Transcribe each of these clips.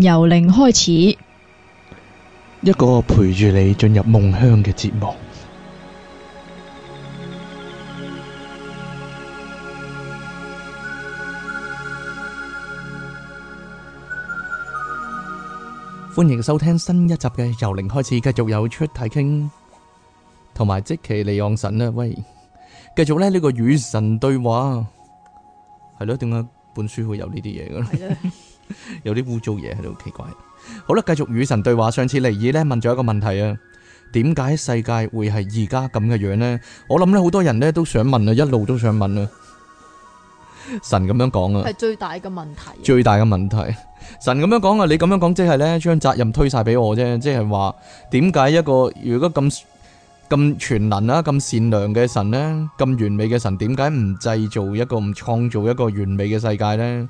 由零開始，一個陪住你進入夢鄉嘅節目。歡迎收聽新一集嘅由零開始，繼續有出太傾，同埋即其利昂神啦。喂，繼續咧呢個與神對話，係咯？點解本書會有呢啲嘢嘅咧？ 有啲污糟嘢喺度，好奇怪。好啦，繼續與神對話。上次尼爾呢問咗一個問題啊，點解世界會係而家咁嘅樣呢？我諗咧，好多人呢都想問啊，一路都想問啊。神咁樣講啊，係最大嘅問題。最大嘅問題。神咁樣講啊，你咁樣講即係呢將責任推晒俾我啫，即係話點解一個如果咁咁全能啊、咁善良嘅神呢、咁完美嘅神，點解唔製造一個唔創造一個完美嘅世界呢？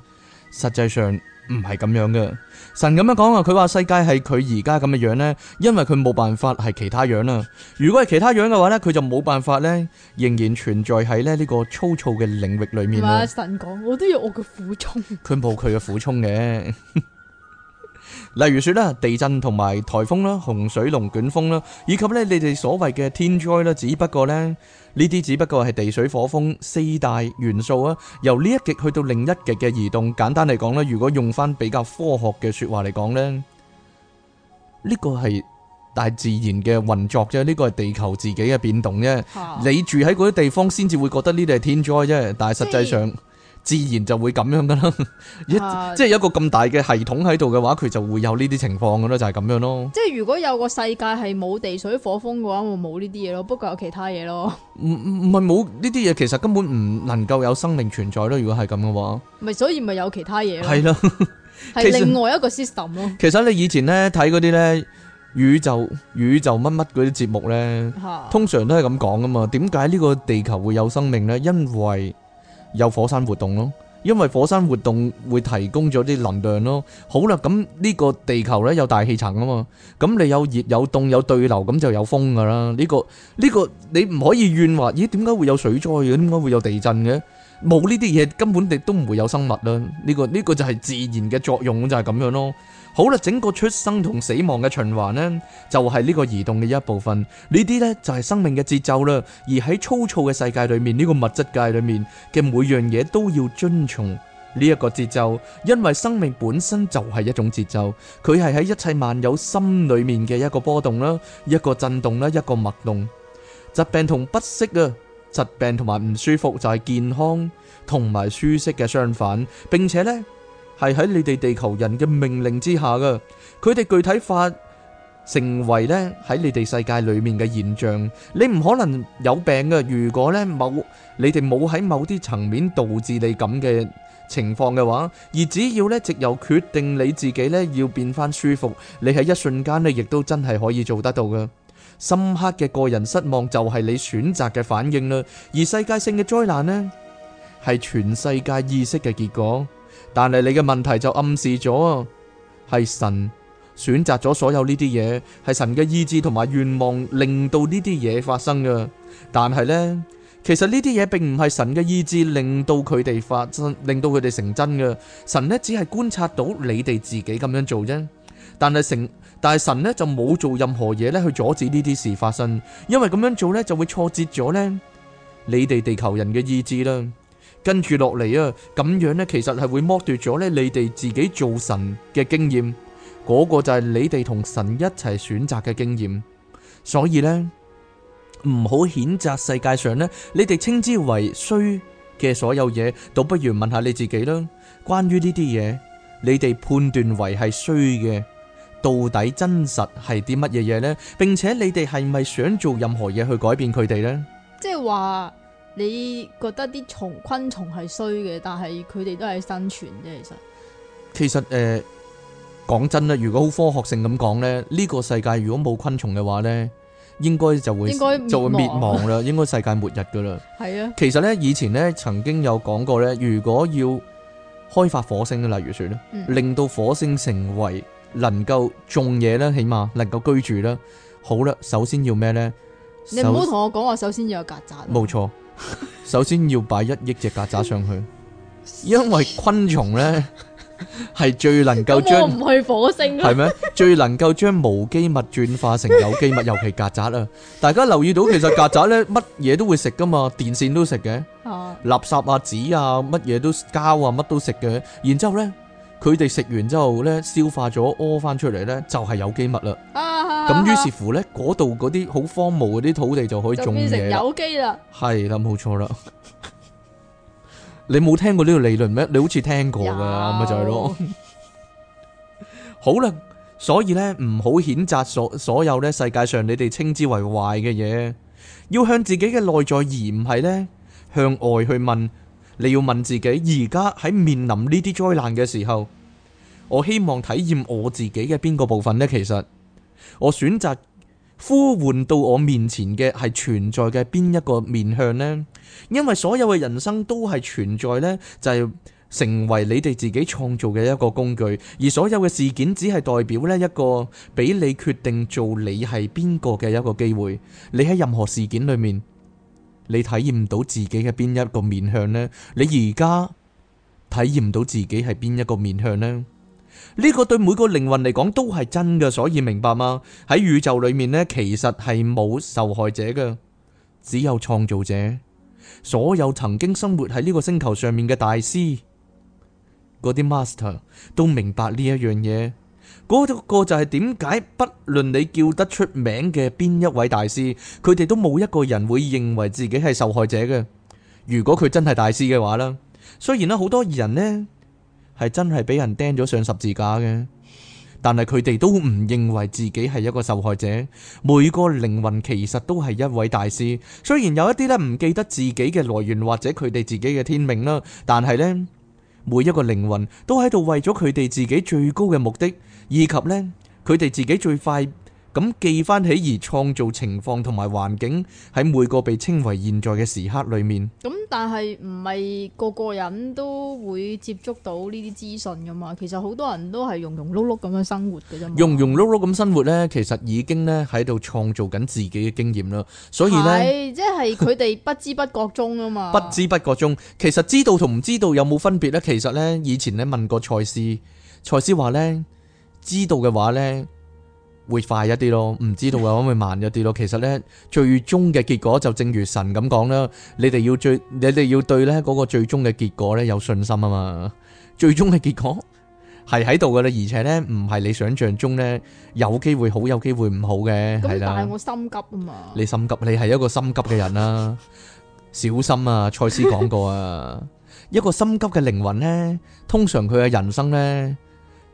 實際上。唔係咁樣嘅，神咁樣講啊，佢話世界係佢而家咁嘅樣呢，因為佢冇辦法係其他樣啦。如果係其他樣嘅話呢，佢就冇辦法呢，仍然存在喺呢呢個粗糙嘅領域裏面啊。神講，我都有我嘅苦衷，佢冇佢嘅苦衷嘅。 例如說啦，地震同埋台風啦，洪水、龍捲風啦，以及咧你哋所謂嘅天災啦，只不過咧呢啲只不過係地水火風四大元素啊，由呢一極去到另一極嘅移動。簡單嚟講咧，如果用翻比較科學嘅說話嚟講咧，呢個係大自然嘅運作啫，呢個係地球自己嘅變動啫。好你住喺嗰啲地方先至會覺得呢啲係天災啫，但係實際上。自然就會咁樣噶啦，即係一個咁大嘅系統喺度嘅話，佢就會有呢啲情況噶啦，就係咁樣咯。即係如果有個世界係冇地水火風嘅話，會冇呢啲嘢咯。不過有其他嘢咯。唔唔係冇呢啲嘢，其實根本唔能夠有生命存在咯。如果係咁嘅話，咪所以咪有其他嘢咯。係咯，係另外一個 system 咯。其實你以前咧睇嗰啲咧宇宙宇宙乜乜嗰啲節目咧，通常都係咁講噶嘛。點解呢個地球會有生命咧？因為有火山活動咯，因為火山活動會提供咗啲能量咯。好啦，咁呢個地球咧有大氣層啊嘛，咁你有熱有凍有對流咁就有風噶啦。呢個呢個你唔可以怨話，咦？點解會有水災嘅？點解會有地震嘅？冇呢啲嘢根本地都唔會有生物啦。呢個呢個就係自然嘅作用，就係咁樣囉。好啦，整個出生同死亡嘅循環呢，就係呢個移動嘅一部分。呢啲呢，就係生命嘅節奏啦。而喺粗糙嘅世界裏面，呢個物質界裏面嘅每樣嘢都要遵從呢一個節奏，因為生命本身就係一種節奏。佢係喺一切萬有心裏面嘅一個波動啦，一個震動啦，一個脈動。疾病同不適啊，疾病同埋唔舒服就係健康同埋舒適嘅相反，並且呢。係喺你哋地球人嘅命令之下噶，佢哋具體化成為咧喺你哋世界裏面嘅現象。你唔可能有病噶，如果咧某你哋冇喺某啲層面導致你咁嘅情況嘅話，而只要咧藉由決定你自己咧要變翻舒服，你喺一瞬間咧亦都真係可以做得到噶。深刻嘅個人失望就係你選擇嘅反應啦，而世界性嘅災難咧係全世界意識嘅結果。但係你嘅問題就暗示咗，係神選擇咗所有呢啲嘢，係神嘅意志同埋願望令到呢啲嘢發生嘅。但係呢，其實呢啲嘢並唔係神嘅意志令到佢哋發生，令到佢哋成真嘅。神呢只係觀察到你哋自己咁樣做啫。但係成，但係神呢就冇做任何嘢呢去阻止呢啲事發生，因為咁樣做呢就會挫折咗呢，你哋地球人嘅意志啦。跟住落嚟啊，咁樣呢，其實係會剝奪咗呢，你哋自己做神嘅經驗。嗰個就係你哋同神一齊選擇嘅經驗。所以呢，唔好譴責世界上呢，你哋稱之為衰嘅所有嘢，倒不如問下你自己啦。關於呢啲嘢，你哋判斷為係衰嘅，到底真實係啲乜嘢嘢呢？並且你哋係咪想做任何嘢去改變佢哋呢？即係話。你覺得啲蟲昆蟲係衰嘅，但係佢哋都係生存啫。其實，其實誒，講真啦，如果好科學性咁講咧，呢個世界如果冇昆蟲嘅話咧，應該就會就會滅亡啦，應該世界末日噶啦。係啊，其實咧，以前咧曾經有講過咧，如果要開發火星啦，例如算啦，令到火星成為能夠種嘢咧，起碼能夠居住啦，好啦，首先要咩咧？你唔好同我講話，首先要有曱甴。冇錯。首先要擺一億隻曱甴上去，因為昆蟲咧係最能夠將，我唔去火星，係咩？最能夠將無機物轉化成有機物，尤其曱甴啊！大家留意到，其實曱甴咧乜嘢都會食㗎嘛，電線都食嘅，垃圾啊紙啊乜嘢都膠啊乜都食嘅，然之後咧。佢哋食完之後咧，消化咗屙翻出嚟咧，就係有機物啦。咁於是乎咧，嗰度嗰啲好荒蕪嗰啲土地就可以種嘢有機啦。係啦，冇錯啦。你冇聽過呢個理論咩？你好似聽過㗎，咪就係咯。好啦，所以咧唔好譴責所所有咧世界上你哋稱之為壞嘅嘢，要向自己嘅內在而唔係咧向外去問。你要問自己，而家喺面臨呢啲災難嘅時候，我希望體驗我自己嘅邊個部分呢？其實我選擇呼喚到我面前嘅係存在嘅邊一個面向呢？因為所有嘅人生都係存在呢，就係成為你哋自己創造嘅一個工具，而所有嘅事件只係代表呢一個俾你決定做你係邊個嘅一個機會。你喺任何事件裏面。你體驗唔到自己嘅邊一個面向呢？你而家體驗唔到自己係邊一個面向呢？呢、這個對每個靈魂嚟講都係真嘅，所以明白嗎？喺宇宙裏面呢，其實係冇受害者嘅，只有創造者。所有曾經生活喺呢個星球上面嘅大師，嗰啲 master 都明白呢一樣嘢。嗰個就係點解不論你叫得出名嘅邊一位大師，佢哋都冇一個人會認為自己係受害者嘅。如果佢真係大師嘅話啦，雖然啦好多人呢係真係俾人釘咗上十字架嘅，但係佢哋都唔認為自己係一個受害者。每個靈魂其實都係一位大師，雖然有一啲咧唔記得自己嘅來源或者佢哋自己嘅天命啦，但係呢，每一個靈魂都喺度為咗佢哋自己最高嘅目的，以及呢，佢哋自己最快咁記翻起而創造情況同埋環境喺每個被稱為現在嘅時刻裏面。咁但係唔係個個人都會接觸到呢啲資訊噶嘛？其實好多人都係庸庸碌碌咁樣生活嘅啫。庸庸碌碌咁生活呢，其實已經呢喺度創造緊自己嘅經驗啦。所以呢的， 即係佢哋不知不覺中啊嘛。不知不覺中，其實知道同唔知道有冇分別呢？其實呢，以前咧問過賽斯，賽斯話呢。知道嘅話呢，會快一啲咯；唔知道嘅話，會慢一啲咯。其實呢，最終嘅結果就正如神咁講啦。你哋要最，你哋要對咧嗰個最終嘅結果咧有信心啊嘛。最終嘅結果係喺度噶啦，而且呢，唔係你想象中呢，有機會好，有機會唔好嘅。咁但係我心急啊嘛，你心急，你係一個心急嘅人啦。 小心啊，蔡斯講過啊， 一個心急嘅靈魂呢，通常佢嘅人生呢……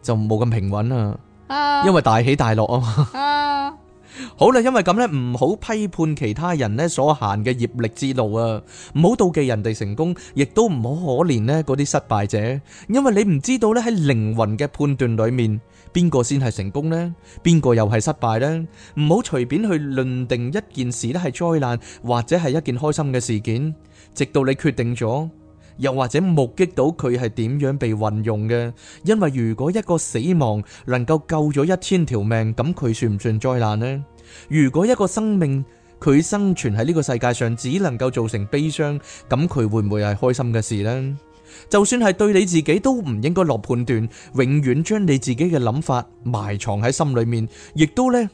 就冇咁平穩啦，啊，因為大起大落啊嘛。 好啦，因為咁呢，唔好批判其他人呢所行嘅業力之路啊，唔好妒忌人哋成功，亦都唔好可憐呢嗰啲失敗者，因為你唔知道呢喺靈魂嘅判斷裏面，邊個先係成功呢，邊個又係失敗呢。唔好隨便去論定一件事呢係災難或者係一件開心嘅事件，直到你決定咗。又或者目擊到佢係點樣被運用嘅？因為如果一個死亡能夠救咗一千條命，咁佢算唔算災難呢？如果一個生命佢生存喺呢個世界上只能夠造成悲傷，咁佢會唔會係開心嘅事呢？就算係對你自己都唔應該落判斷，永遠將你自己嘅諗法埋藏喺心裏面，亦都呢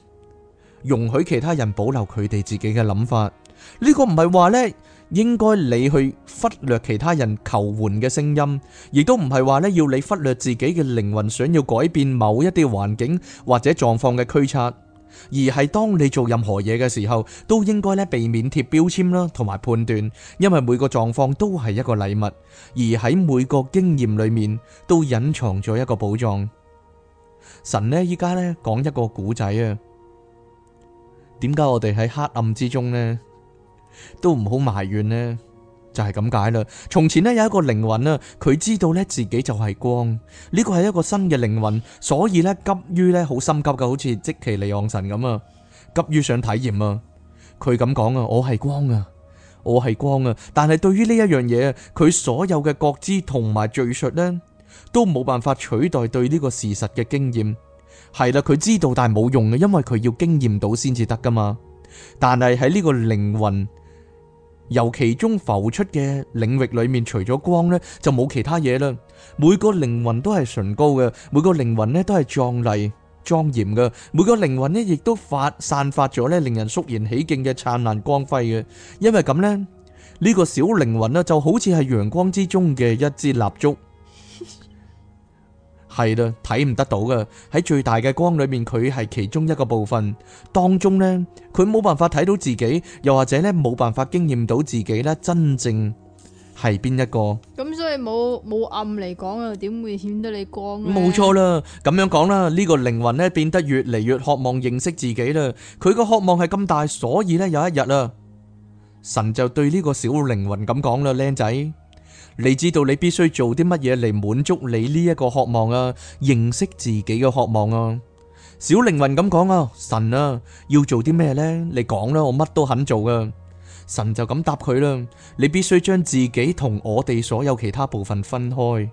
容許其他人保留佢哋自己嘅諗法。呢個唔係話呢。應該你去忽略其他人求援的聲音，亦都唔係話要你忽略自己的靈魂想要改變某一啲環境或者狀況的驅策。而係當你做任何嘢的時候，都應該避免貼標籤同埋判斷，因為每個狀況都係一個禮物，而喺每個經驗裏面都隱藏咗一個寶藏。神依家講一個古仔啊。點解我哋喺黑暗之中呢？都唔好埋怨呢，就係咁解啦。從前呢有一個靈魂呢、啊，佢知道呢自己就係光，呢、呢個係一個新嘅靈魂，所以呢急於呢好心急噶，好似即奇利昂神咁啊，急於想體驗啊。佢咁講啊，我係光啊，我係光啊，但係對於呢一樣嘢，佢所有嘅覺知同埋敘述呢，都冇辦法取代對呢個事實嘅經驗。係啦，佢知道但係冇用嘅，因為佢要經驗到先至得噶嘛。但係喺呢個靈魂。由其中浮出嘅領域裏面，除咗光呢，就冇其他嘢啦。每個靈魂都係崇高嘅，每個靈魂呢都係壯麗、莊嚴嘅，每個靈魂呢亦都發散發咗呢令人肅然起敬嘅燦爛光輝嘅。因為咁呢，呢個小靈魂呢就好似係陽光之中嘅一支蠟燭。係啦，睇唔得到噶。喺最大嘅光裏面，佢係其中一個部分。當中咧，佢冇辦法睇到自己，又或者咧冇辦法經驗到自己咧，真正係邊一個？咁所以冇冇暗嚟講啊，點會顯得你光？咁冇錯啦，咁樣講啦，呢個靈魂咧變得越嚟越渴望認識自己啦。佢個渴望係咁大，所以咧有一日啊，神就對呢個小靈魂咁講啦，靚仔。你知道你必須做啲乜嘢，嚟滿足你呢一個渴望啊？認識自己嘅渴望啊！小靈魂咁講啊，神啊，要做啲咩呢？你講啦，我乜都肯做噶。神就咁答佢啦，你必須將自己同我哋所有其他部分分開，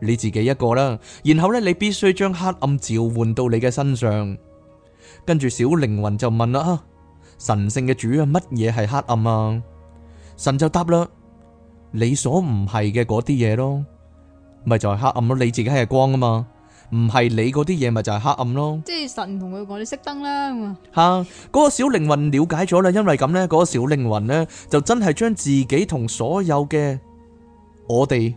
你自己一個啦。然後呢，你必須將黑暗召喚到你嘅身上。跟住小靈魂就問啦，啊啊，神聖嘅主啊，乜嘢係黑暗啊？神就答啦。你所唔係嘅嗰啲嘢咯，咪就係黑暗咯，你自己係光啊嘛，唔係你嗰啲嘢咪就係黑暗咯。即係神同佢講你熄燈啦吓，嗰個小靈魂了解咗啦。因為咁呢，嗰個小靈魂呢，就真係將自己同所有嘅我哋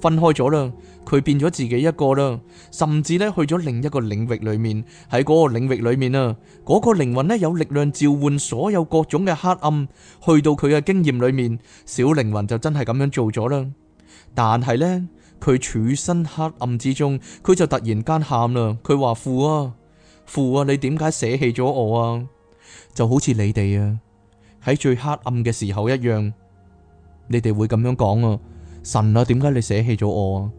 分開咗啦。佢變咗自己一個啦，甚至咧去咗另一個領域裏面，喺嗰個領域裏面啊，嗰個靈魂呢，有力量召喚所有各種嘅黑暗去到佢嘅經驗裏面，小靈魂就真係咁樣做咗啦。但係呢，佢處身黑暗之中，佢就突然間喊啦，佢話父啊，父啊，你點解捨棄咗我啊？就好似你哋啊，喺最黑暗嘅時候一樣，你哋會咁樣講啊，神啊，點解你捨棄咗我啊？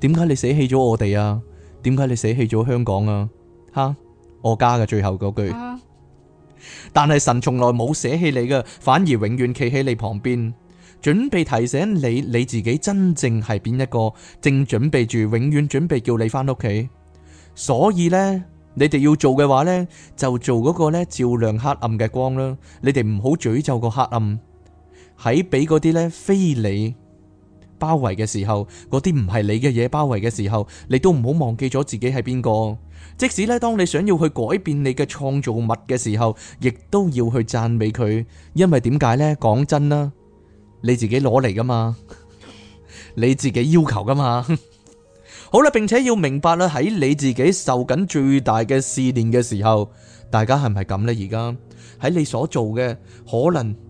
點解你捨棄咗我哋啊？點解你捨棄咗香港啊？吓，我家嘅最後嗰句。但係神從來冇捨棄你嘅，反而永遠企喺你旁邊，準備提醒你你自己真正係邊一個，正準備住永遠準備叫你返屋企。所以呢，你哋要做嘅話呢，就做嗰個呢照亮黑暗嘅光啦。你哋唔好詛咒個黑暗，喺俾嗰啲呢非你包圍的時候，那些不是你的東西包圍的時候，你都不要忘記了自己係邊個。即使當你想要去改變你的創造物的時候，也都要去讚美它，因為點解呢？講真啦，你自己拿來的嘛，你自己要求的嘛，好了，並且要明白啦，在你自己受到最大的試煉的時候，大家是不是這樣呢？現在，在你所做的，可能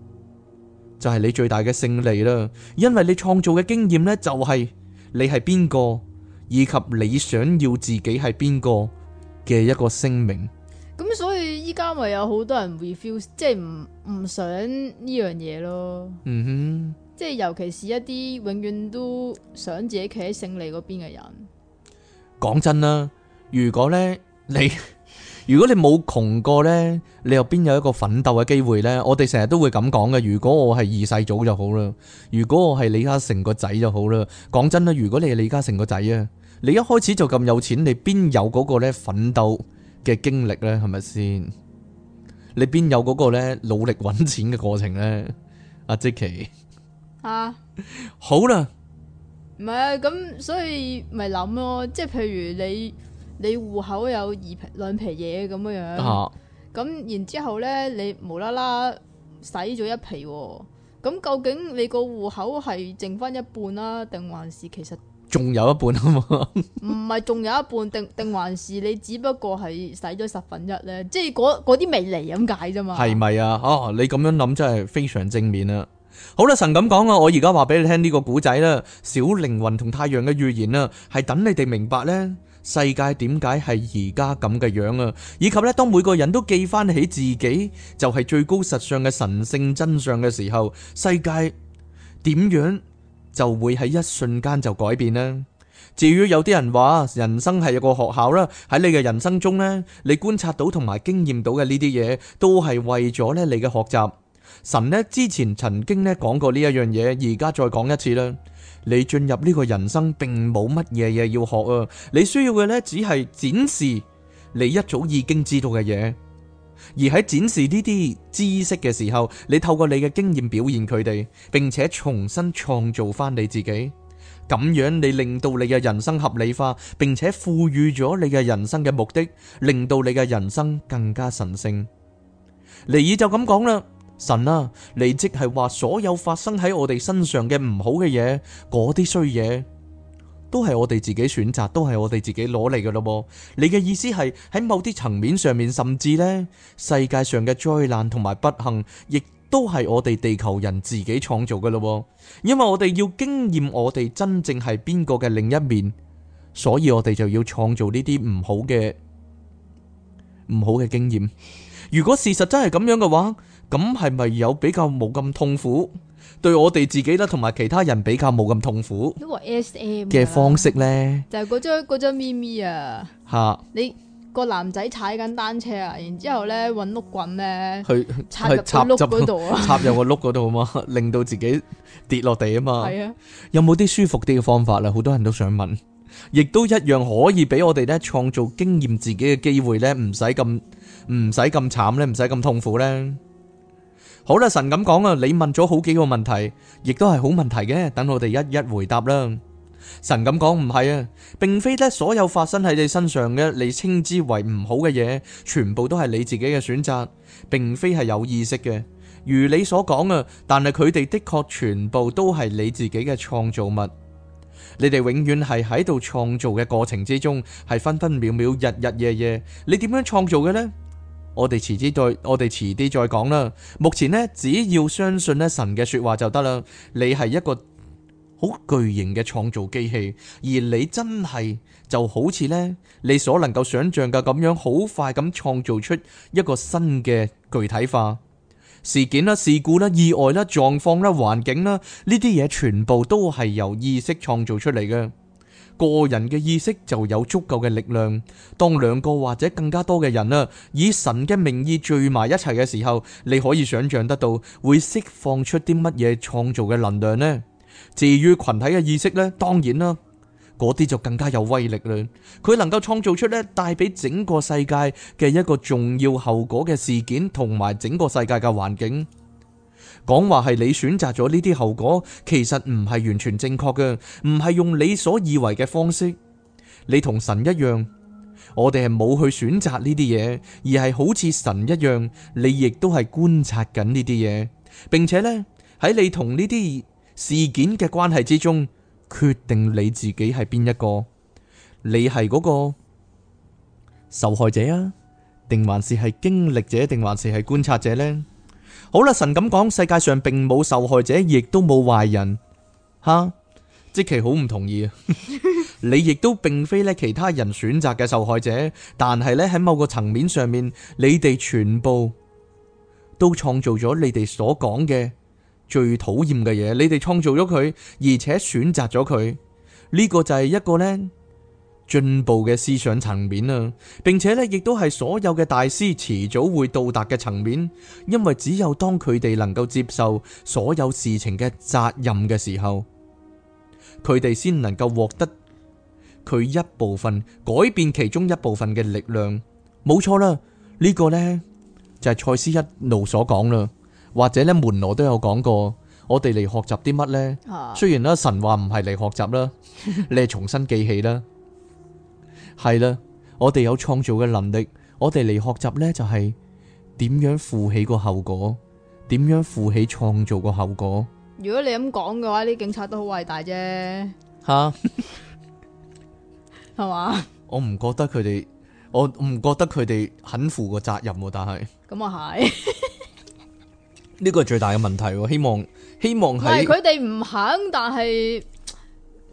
就係你最大嘅勝利啦，因為你創造嘅經驗呢，就係你係邊個，以及你想要自己係邊個嘅一個聲明。咁所以依家咪有好多人 refuse，即係唔唔想呢樣嘢咯。嗯哼，即係尤其是一啲永遠都想自己企喺勝利嗰邊嘅人。講真啦，如果呢你。 如果你冇窮過呢，你又邊有一個奮鬥嘅機會呢？我哋成日都會咁講嘅。如果我係二世祖就好啦，如果我係李嘉誠個仔就好啦。講真啦，如果你係李嘉誠個仔啊，你一開始就咁有錢，你邊有嗰個奮鬥呢？奮鬥嘅經歷呢？係咪先？你邊有嗰個呢？努力揾錢嘅過程呢？阿 j 奇？ 了啊，好啦，唔係啊，咁所以咪諗咯，即係譬如你。你戶口有二皮兩皮嘢咁樣樣，咁、啊、然之後咧，你無啦啦洗咗一皮，咁究竟你個戶口係剩翻一半啦，定還是其實仲有一半啊？唔係仲有一半，定定還， 還是你只不過係洗咗十分一咧？即係嗰嗰啲未嚟咁解啫嘛？係咪啊？哦、啊，你咁樣諗真係非常正面啊！好啦，神咁講啊，我而家話俾你聽呢個古仔啦，《小靈魂同太陽嘅預言》啊，係等你哋明白咧。世界點解係而家咁嘅樣啊？以及咧，當每個人都記翻起自己就係最高實相嘅神聖真相嘅時候，世界點樣就會喺一瞬間就改變呢？至於有啲人話人生係有個學校啦，喺你嘅人生中呢，你觀察到同埋經驗到嘅呢啲嘢都係為咗咧你嘅學習。神呢，之前曾經咧講過呢一樣嘢，而家再講一次啦。你進入呢個人生並冇乜嘢嘢要學啊！你需要嘅呢，只係展示你一早已經知道嘅嘢。而喺展示呢啲知識嘅時候，你透過你嘅經驗表現佢哋，並且重新創造翻你自己。咁樣你令到你嘅人生合理化，並且賦予咗你嘅人生嘅目的，令到你嘅人生更加神聖。尼爾就咁講啦。神啊，你即係話所有發生喺我哋身上嘅唔好嘅嘢，嗰啲衰嘢都係我哋自己選擇，都係我哋自己攞嚟㗎咯。你嘅意思係喺某啲層面上面，甚至呢，世界上嘅災難同埋不幸，亦都係我哋地球人自己創造㗎咯。因為我哋要經驗我哋真正係邊個嘅另一面，所以我哋就要創造呢啲唔好嘅唔好嘅經驗。如果事實真係咁樣嘅話，咁係咪有比較冇咁痛苦，對我哋自己啦，同埋其他人比較冇咁痛苦 SM 嘅方式咧？就係嗰張張咪咪啊！吓、啊、你個男仔踩緊單車啊，然之後咧揾碌棍咧，去插入個碌嗰度啊，插 入個碌嗰度嘛，令到自己跌落地啊嘛。係啊，有冇啲舒服啲嘅方法咧？好多人都想問，亦都一樣可以俾我哋咧創造經驗自己嘅機會咧，唔使咁唔使咁慘咧，唔使咁痛苦咧。好啦，神咁講啊，你問咗好幾個問題，亦都係好問題嘅，等我哋一一回答啦。神咁講，唔係啊，並非咧所有發生喺你身上嘅，你稱之爲唔好嘅嘢，全部都係你自己嘅選擇，並非係有意識嘅。如你所講啊，但係佢哋的確全部都係你自己嘅創造物，你哋永遠係喺度創造嘅過程之中，係分分秒秒、日日夜夜，你點樣創造嘅呢？我哋遲啲再，我哋遲啲再講啦。目前呢，只要相信呢神嘅說話就得啦。你係一個好巨型嘅創造機器，而你真係就好似呢，你所能夠想象嘅咁樣，好快咁創造出一個新嘅具體化事件啦、事故啦、意外啦、狀況啦、環境啦，呢啲嘢全部都係由意識創造出嚟嘅。個人嘅意識就有足夠嘅力量。當兩個或者更加多嘅人啦，以神嘅名義聚埋一齊嘅時候，你可以想象得到，會釋放出啲乜嘢創造嘅能量呢？至於群體嘅意識呢，當然啦，嗰啲就更加有威力啦。佢能夠創造出，帶畀整個世界嘅一個重要後果嘅事件，同埋整個世界嘅環境。講話係你選擇咗呢啲後果，其實唔係完全正確嘅，唔係用你所以為嘅方式。你同神一樣，我哋係冇去選擇呢啲嘢，而係好似神一樣，你亦都係觀察緊呢啲嘢，並且呢，喺你同呢啲事件嘅關係之中，決定你自己係邊一個。你係嗰個受害者啊，定還是係經歷者，定還是係觀察者呢？好啦，神咁講，世界上並冇受害者，亦都冇壞人，吓，即其好唔同意啊！ 你亦都並非咧其他人選擇嘅受害者，但係咧喺某個層面上面，你哋全部都創造咗你哋所講嘅最討厭嘅嘢，你哋創造咗佢，而且選擇咗佢，呢、呢個就係一個呢。進步嘅思想層面啊，並且咧亦都係所有嘅大師遲早會到達嘅層面，因為只有當佢哋能夠接受所有事情嘅責任嘅時候，佢哋先能夠獲得佢一部分改變其中一部分嘅力量。冇錯啦，呢個咧就係賽斯一路所講啦，或者咧門羅都有講過。我哋嚟學習啲乜咧？雖然啦，神話唔係嚟學習啦，你係重新記起啦。係啦，我哋有創造嘅能力，我哋嚟學習咧就係點樣負起個後果，點樣負起創造個後果。如果你咁講嘅話，啲警察都好偉大啫。吓，係嘛？我唔覺得佢哋，我唔覺得佢哋肯負個責任，但係咁啊係。呢個係最大嘅問題，希望希望係。係佢哋唔肯，但係。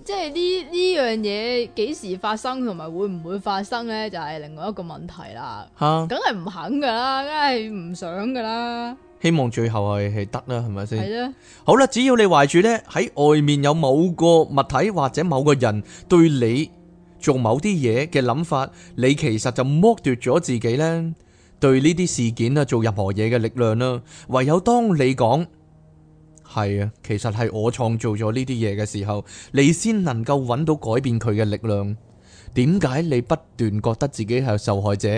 即係呢呢樣嘢幾時發生同埋會唔會發生呢？就係另外一個問題啦。吓，梗係唔肯噶啦，梗係唔想噶啦。希望最後係係得啦，係咪先？係啦。好啦，只要你懷住呢喺外面有某個物體或者某個人對你做某啲嘢嘅諗法，你其實就剝奪咗自己呢對呢啲事件啊做任何嘢嘅力量啦。唯有當你講。係啊，其實係我創造咗呢啲嘢嘅時候，你先能夠揾到改變佢嘅力量。點解你不斷覺得自己係受害者？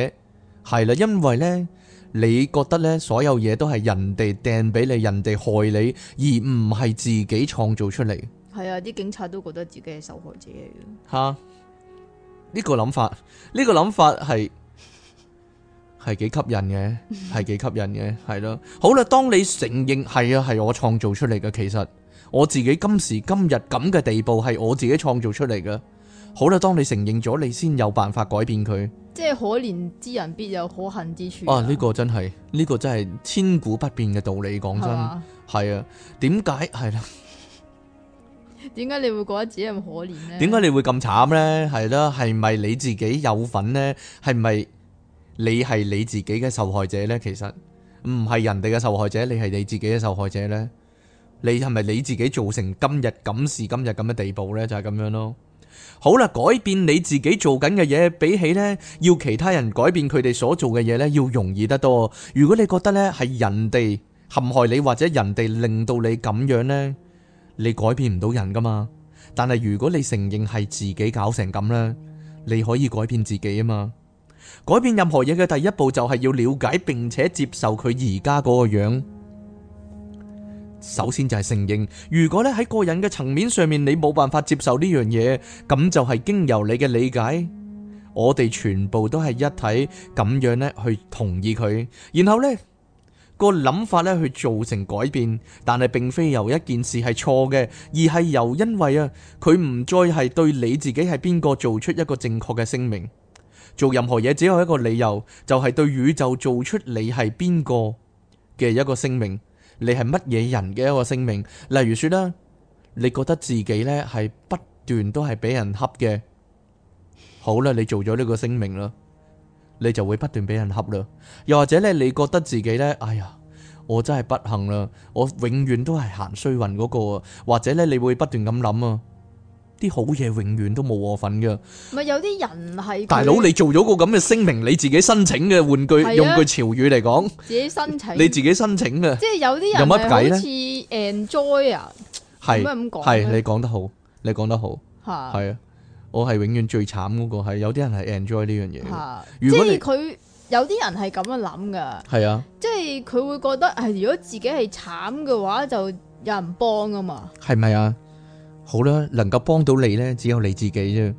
係啦，因為呢，你覺得呢所有嘢都係人哋掟俾你，人哋害你，而唔係自己創造出嚟。係啊，啲警察都覺得自己係受害者嚟嘅吓。呢個諗法，呢個諗法係。係幾吸引嘅，係幾吸引嘅，係咯。好啦，當你承認係啊係我創造出嚟嘅，其實我自己今時今日咁嘅地步係我自己創造出嚟嘅。好啦，當你承認咗，你先有辦法改變佢。即係可憐之人必有可恨之處。啊，呢個真係呢個真係千古不變嘅道理。講真係啊，點解係啦？點解你會覺得自己咁可憐呢？點解你會咁慘呢？係咯，啊，係咪你自己有份呢？係咪？你係你自己嘅受害者呢？其實唔係人哋嘅受害者，你係你自己嘅受害者呢？你係咪你自己造成今日今時今日咁嘅地步呢？就係咁樣咯。好啦，改變你自己做緊嘅嘢，比起呢要其他人改變佢哋所做嘅嘢呢，要容易得多。如果你覺得呢係人哋陷害你或者人哋令到你咁樣呢，你改變唔到人噶嘛。但係如果你承認係自己搞成咁呢，你可以改變自己啊嘛。改變任何嘢嘅第一步就係要了解並且接受佢而家嗰個樣。首先就係承認，如果咧喺個人嘅層面上面你冇辦法接受呢樣嘢，咁就係經由你嘅理解，我哋全部都係一體，咁樣咧去同意佢，然後呢個諗法咧去做成改變。但係並非由一件事係錯嘅，而係由因為啊，佢唔再係對你自己係邊個做出一個正確嘅聲明。做任何嘢只有一個理由，就係對宇宙做出你係邊個嘅一個聲明，你係乜嘢人嘅一個聲明。例如說啦，你覺得自己呢係不斷都係俾人恰嘅，好啦，你做咗呢個聲明啦，你就會不斷俾人恰啦。又或者呢，你覺得自己呢，哎呀，我真係不幸啦，我永遠都係行衰運嗰個，或者呢，你會不斷咁諗啊。啲好嘢永遠都冇我份噶，咪有啲人係大佬，你做咗個咁嘅聲明，你自己申請嘅換句，句啊、用句潮語嚟講，自己申請，你自己申請嘅，即係有啲人有乜咧，似 enjoy 啊，係咩咁講？係你講得好，你講得好，係啊，啊，我係永遠最慘嗰個，係有啲人係 enjoy 呢樣嘢，即係佢有啲人係咁樣諗噶，係啊，即係佢、啊、會覺得，如果自己係慘嘅話，就有人幫啊嘛，係咪啊？好啦，能夠幫到你呢，只有你自己啫。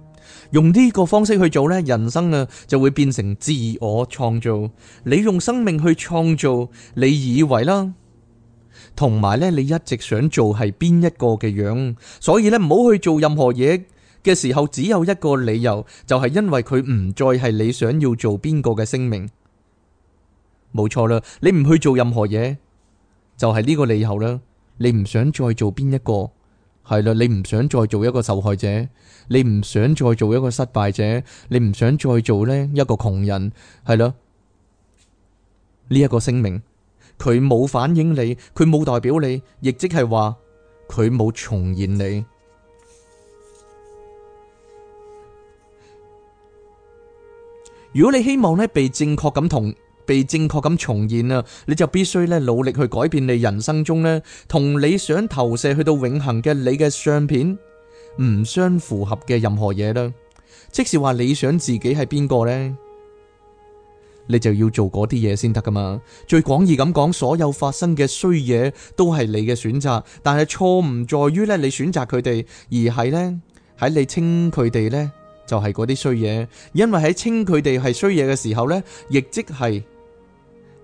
用呢個方式去做呢，人生啊就會變成自我創造。你用生命去創造，你以為啦，同埋呢，你一直想做係邊一個嘅樣，所以呢，唔好去做任何嘢嘅時候，只有一個理由，就係、是、因為佢唔再係你想要做邊個嘅聲明。冇錯啦，你唔去做任何嘢，就係、是、呢個理由啦。你唔想再做邊一個。係啦，你唔想再做一個受害者，你唔想再做一個失敗者，你唔想再做呢一個窮人，係啦。呢一個聲明，佢冇反映你，佢冇代表你，亦即係話佢冇重現你。如果你希望呢被正確咁同。被正確咁重現啊，你就必須咧努力去改變你人生中呢，同你想投射去到永恒嘅你嘅相片唔相符合嘅任何嘢啦。即使話你想自己係邊個呢？你就要做嗰啲嘢先得噶嘛最廣義咁講，所有發生嘅衰嘢都係你嘅選擇，但係錯誤在於呢，你選擇佢哋，而係呢，喺你稱佢哋呢，就係嗰啲衰嘢，因為喺稱佢哋係衰嘢嘅時候呢，亦即係。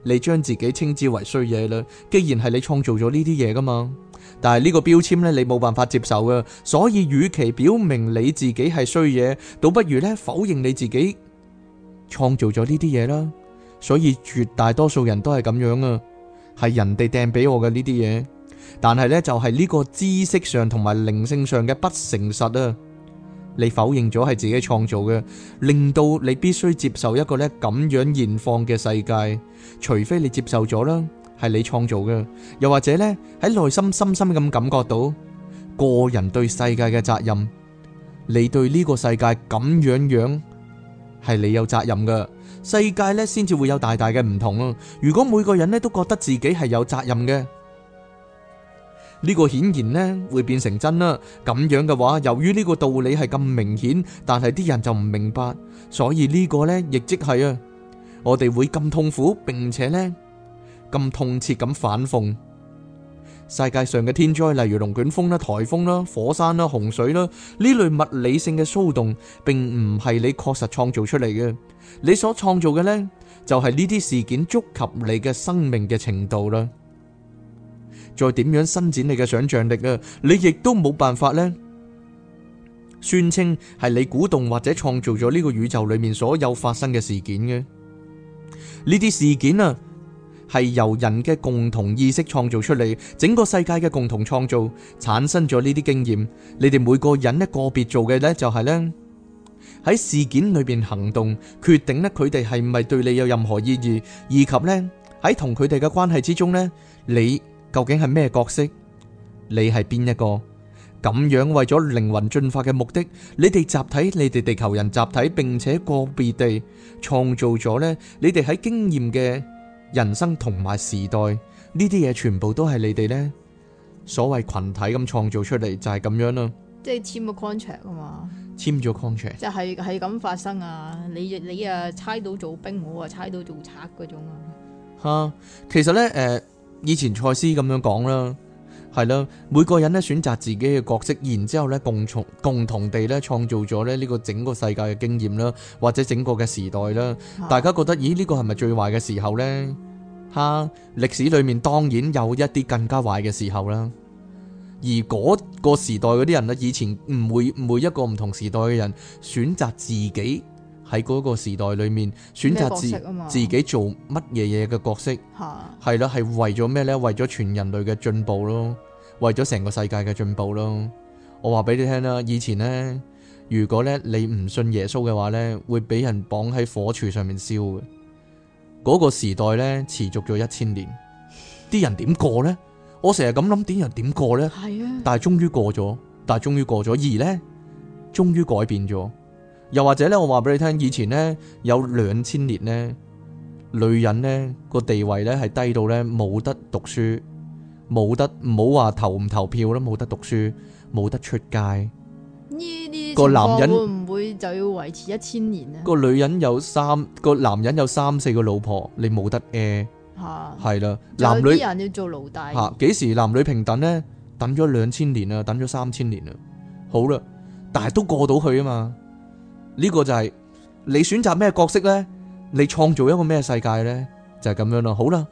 你將自己稱之為衰嘢啦，既然係你創造咗呢啲嘢噶嘛，但係呢個標籤呢，你冇辦法接受嘅，所以與其表明你自己係衰嘢，倒不如呢否認你自己創造咗呢啲嘢啦。所以絕大多數人都係咁樣啊，係人哋掟俾我嘅呢啲嘢，但係呢就係呢個知識上同埋靈性上嘅不誠實啊，你否認咗係自己創造嘅，令到你必須接受一個呢咁樣現況嘅世界。除非你接受咗啦，係你創造嘅，又或者呢喺內心深深咁感覺到個人對世界嘅責任，你對呢個世界咁樣樣係你有責任㗎，世界呢先至會有大大嘅唔同啊。如果每個人呢都覺得自己係有責任嘅，呢個顯然呢會變成真啦。咁樣嘅話，由於呢個道理係咁明顯，但係啲人就唔明白，所以呢個呢亦即係啊。我哋會咁痛苦，並且呢咁痛切咁反諷。世界上嘅天災，例如龍捲風啦、台風啦、火山啦、洪水啦呢類物理性嘅騷動，並唔係你確實創造出嚟嘅。你所創造嘅呢，就係呢啲事件觸及你嘅生命嘅程度啦。再點樣伸展你嘅想象力啊？你亦都冇辦法呢，宣稱係你鼓動或者創造咗呢個宇宙裏面所有發生嘅事件嘅。呢啲事件啊，係由人嘅共同意識創造出嚟，整個世界嘅共同創造產生咗呢啲經驗。你哋每個人呢個別做嘅呢就係呢喺事件裏邊行動，決定呢佢哋係唔係對你有任何意義，以及呢喺同佢哋嘅關係之中呢，你究竟係咩角色？你係邊一個？咁樣為咗靈魂進化嘅目的，你哋集體、你哋地球人集體，並且個別地創造咗呢，你哋喺經驗嘅人生同埋時代呢啲嘢，全部都係你哋呢所謂群體咁創造出嚟，就係咁樣咯。即係簽個 contract 啊嘛，簽咗 contract，即係係咁發生啊！你你啊，猜到做兵，我啊猜到做賊嗰種啊。吓，其實呢，誒，以前賽斯咁樣講啦。係啦，每個人咧選擇自己嘅角色，然之後咧共同共同地咧創造咗咧呢個整個世界嘅經驗啦，或者整個嘅時代啦。啊、大家覺得咦呢、呢個係咪最壞嘅時候呢？哈，歷史裏面當然有一啲更加壞嘅時候啦。而嗰個時代嗰啲人咧，以前唔會每一個唔同時代嘅人選擇自己。喺嗰個時代裏面選擇，選擇自自己做乜嘢嘢嘅角色，係啦、啊，係為咗咩呢？為咗全人類嘅進步咯，為咗成個世界嘅進步咯。我話俾你聽啦，以前呢，如果咧你唔信耶穌嘅話呢，會俾人綁喺火柱上面燒嘅。嗰、那個時代呢，持續咗一千年，啲人點過呢？我成日咁諗，點人點過呢？係啊，但係終於過咗，但係終於過咗，而呢，終於改變咗。又或者咧，我話俾你聽，以前咧有兩千年咧，女人咧個地位咧係低到咧冇得讀書，冇得，唔好話投唔投票啦，冇得讀書，冇得出街呢啲個男人會唔會就要維持一千年呢？個女人有三個男人有三四個老婆，你冇得誒、呃，係啦、啊，男女人要做老大吓，幾、啊、時男女平等咧？等咗兩千年啦，等咗三千年啦，好啦，但係都過到去啊嘛。呢個就係你選擇咩角色呢？你創造一個咩世界呢？就係咁樣咯。好啦，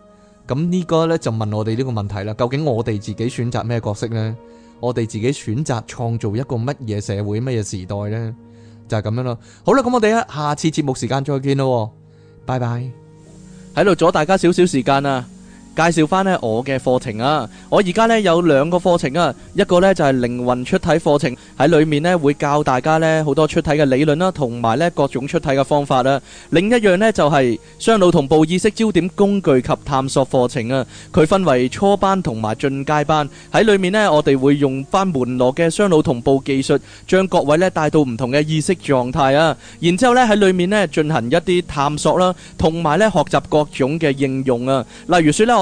咁呢個呢，就問我哋呢個問題啦。究竟我哋自己選擇咩角色呢？我哋自己選擇創造一個乜嘢社會、乜嘢時代呢？就係咁樣咯。好啦，咁我哋啊，下次節目時間再見咯。拜拜，喺度阻大家少少時間啊！介紹翻咧我嘅課程啊！我而家咧有兩個課程啊，一個咧就係靈魂出體課程，喺裡面咧會教大家咧好多出體嘅理論啦，同埋咧各種出體嘅方法啦。另一樣咧就係雙腦同步意識焦點工具及探索課程啊。佢分為初班同埋進階班，喺裡面咧我哋會用翻門羅嘅雙腦同步技術，將各位咧帶到唔同嘅意識狀態啊。然之後咧喺裡面咧進行一啲探索啦，同埋咧學習各種嘅應用啊。例如説咧，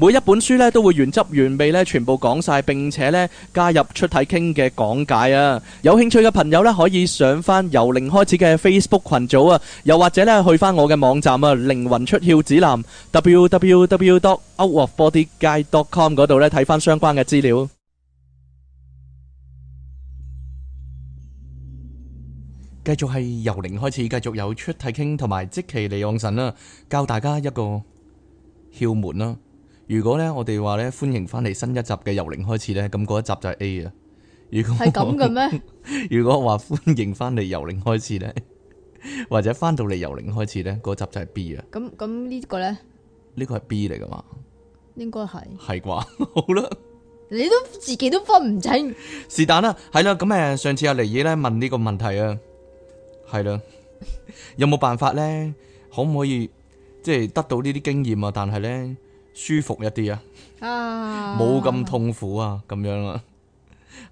每一本書咧都會原汁原味咧全部講晒，並且咧加入出體傾嘅講解啊！有興趣嘅朋友咧可以上翻由零開始嘅 Facebook 群組啊，又或者咧去翻我嘅網站啊靈魂出竅指南 www.outofbodyguide.com 嗰度咧睇翻相關嘅資料。繼續係由零開始，繼續有出體傾同埋即期利用神啦，教大家一個竅門啦。如果咧，我哋話咧歡迎翻嚟新一集嘅由零開始咧，咁嗰一集就係 A 啊。如果係咁嘅咩？如果話歡迎翻嚟由零開始咧，或者翻到嚟由零開始咧，嗰集就係 B 啊。咁咁呢個咧？呢個係 B 嚟噶嘛？應該係係啩？ 好啦吧，你都自己都分唔清，是但啦。係啦，咁誒，上次阿妮姨咧問呢個問題啊，係啦，有冇辦法咧？可唔可以即係得到呢啲經驗啊？但係咧。舒服一啲啊，冇咁痛苦啊，咁樣啊，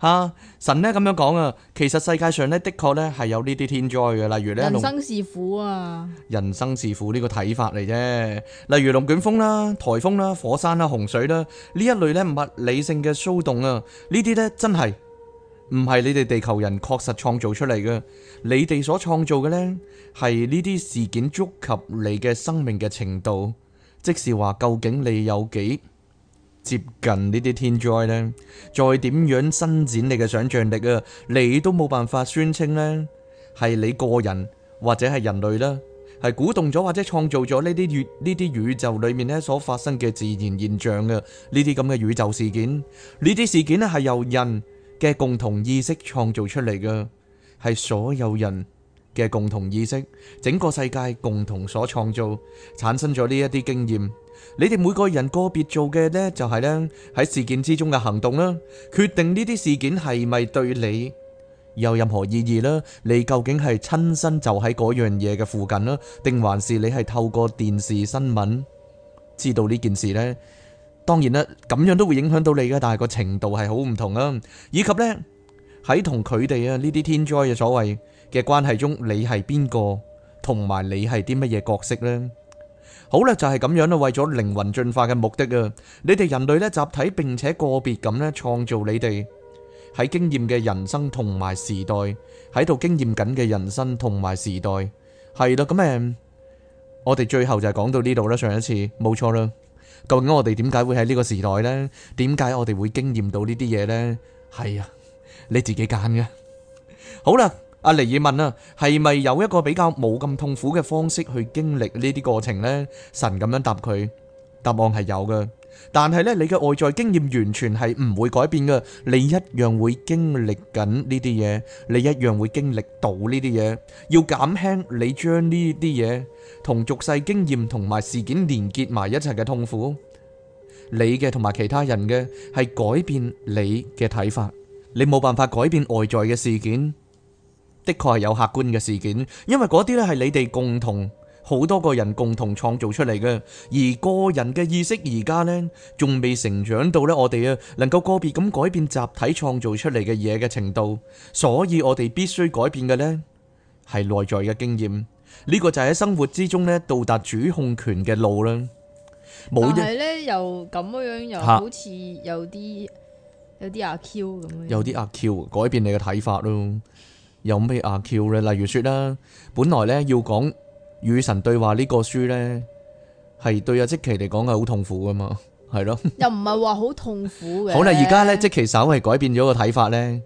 吓 神呢，咁樣講啊，其實世界上呢，的確呢，係有呢啲天災嘅，例如呢，人生是苦啊，人生是苦呢個睇法嚟啫，例如龍捲風啦、颱風啦、火山啦、洪水啦呢一類呢物理性嘅騷動啊，呢啲呢，真係唔係你哋地球人確實創造出嚟嘅，你哋所創造嘅呢，係呢啲事件觸及你嘅生命嘅程度。即是話，究竟你有幾接近呢啲天災呢？再點樣伸展你嘅想象力啊？你都冇辦法宣稱呢係你個人或者係人類啦，係鼓動咗或者創造咗呢啲宇呢啲宇宙裏面咧所發生嘅自然現象嘅呢啲咁嘅宇宙事件，呢啲事件咧係由人嘅共同意識創造出嚟嘅，係所有人。嘅共同意識，整個世界共同所創造，產生咗呢一啲經驗。你哋每個人個別做嘅呢，就係呢喺事件之中嘅行動啦，決定呢啲事件係咪對你有任何意義啦？你究竟係親身就喺嗰樣嘢嘅附近啦，定還是你係透過電視新聞知道呢件事呢？當然啦，咁樣都會影響到你嘅，但係個程度係好唔同啊。以及呢喺同佢哋啊呢啲天災嘅所謂。嘅關係中，你係邊個同埋你係啲乜嘢角色呢？好啦，就係咁樣啦。為咗靈魂進化嘅目的啊，你哋人類咧集體並且個別咁咧創造你哋喺經驗嘅人生同埋時代喺度經驗緊嘅人生同埋時代係啦。咁誒，我哋最後就係講到呢度啦。上一次冇錯啦。究竟我哋點解會喺呢個時代呢？點解我哋會經驗到呢啲嘢呢？係啊，你自己揀嘅。好啦。阿尼爾問啊，係咪有一個比較冇咁痛苦嘅方式去經歷呢啲過程呢？神咁樣答佢，答案係有嘅，但係呢，你嘅外在經驗完全係唔會改變嘅，你一樣會經歷緊呢啲嘢，你一樣會經歷到呢啲嘢。要減輕你將呢啲嘢同俗世經驗同埋事件連結埋一齊嘅痛苦，你嘅同埋其他人嘅係改變你嘅睇法。你冇辦法改變外在嘅事件。的確係有客觀嘅事件，因為嗰啲咧係你哋共同好多個人共同創造出嚟嘅，而個人嘅意識而家呢，仲未成長到呢，我哋啊能夠個別咁改變集體創造出嚟嘅嘢嘅程度，所以我哋必須改變嘅呢，係內在嘅經驗，呢個就係喺生活之中呢，到達主控權嘅路啦。冇嘢，係咧，又咁樣，又好似有啲、啊、有啲阿 Q 咁樣，有啲阿 Q 改變你嘅睇法咯。有咩阿 Q 咧？例如說啦，本來咧要講與神對話呢，這個書咧，係對阿即奇嚟講係好痛苦噶嘛，係咯？又唔係話好痛苦嘅。好啦，而家咧即奇稍微改變咗個睇法咧，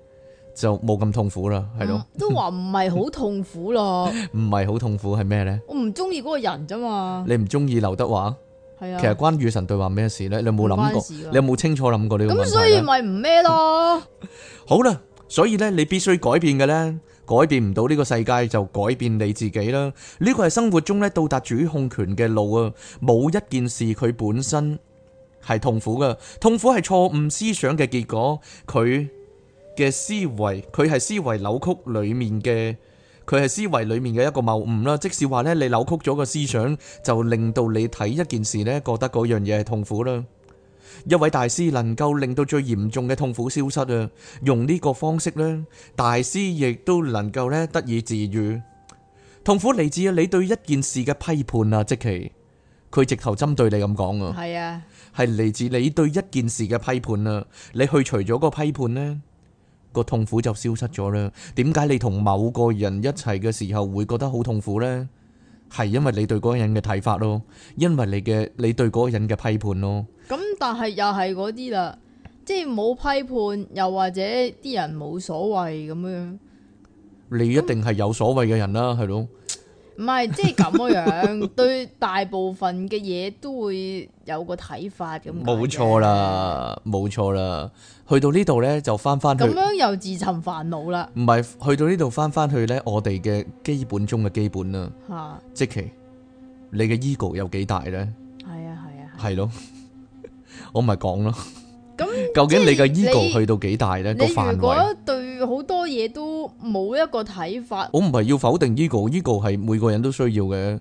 就冇咁痛苦啦，係咯，嗯？都話唔係好痛苦咯，唔係好痛苦係咩咧？我唔中意嗰個人咋嘛？你唔中意劉德華？係啊。其實關於與神對話咩事咧？你有冇諗過？你有冇清楚諗過呢個？咁所以咪唔咩咯？ 好啦。所以咧，你必須改變嘅咧，改變唔到呢個世界就改變你自己啦。呢個係生活中咧到達主控權嘅路啊！冇一件事佢本身係痛苦㗎，痛苦係錯誤思想嘅結果。佢嘅思維，佢係思維扭曲裡面嘅，佢係思維裡面嘅一個謬誤啦。即使話咧，你扭曲咗個思想，就令到你睇一件事呢，覺得嗰樣嘢係痛苦啦。一位大師能夠令到最嚴重嘅痛苦消失啊，用呢個方式呢，大師亦都能夠咧得以自愈。痛苦嚟自啊，你對一件事嘅批判啊，即係佢直頭針對你咁講啊，係啊，係嚟自你對一件事嘅批判啊，你批判。你去除咗個批判呢，個痛苦就消失咗啦。點解你同某個人一齊嘅時候會覺得好痛苦呢？係因為你對嗰個人嘅睇法咯，因為你嘅你對嗰個人嘅批判咯。但係又係嗰啲啦，即係冇批判，又或者啲人冇所謂咁樣。你一定係有所謂嘅人啦，係、嗯、咯？唔係即係咁樣， 對大部分嘅嘢，都會有個睇法咁。冇錯啦，冇錯啦。去到呢度咧，就翻翻去咁樣又自尋煩惱啦。唔係去到呢度翻翻去咧，我哋嘅基本中嘅基本啊，的即係你嘅 ego 有幾大咧？係啊，係啊，係咯。我咪講咯，咁究竟你嘅 ego 去到幾大咧？個範圍，如果對好多嘢都冇一個睇法。我唔係要否定 ego，ego 係每個人都需要嘅，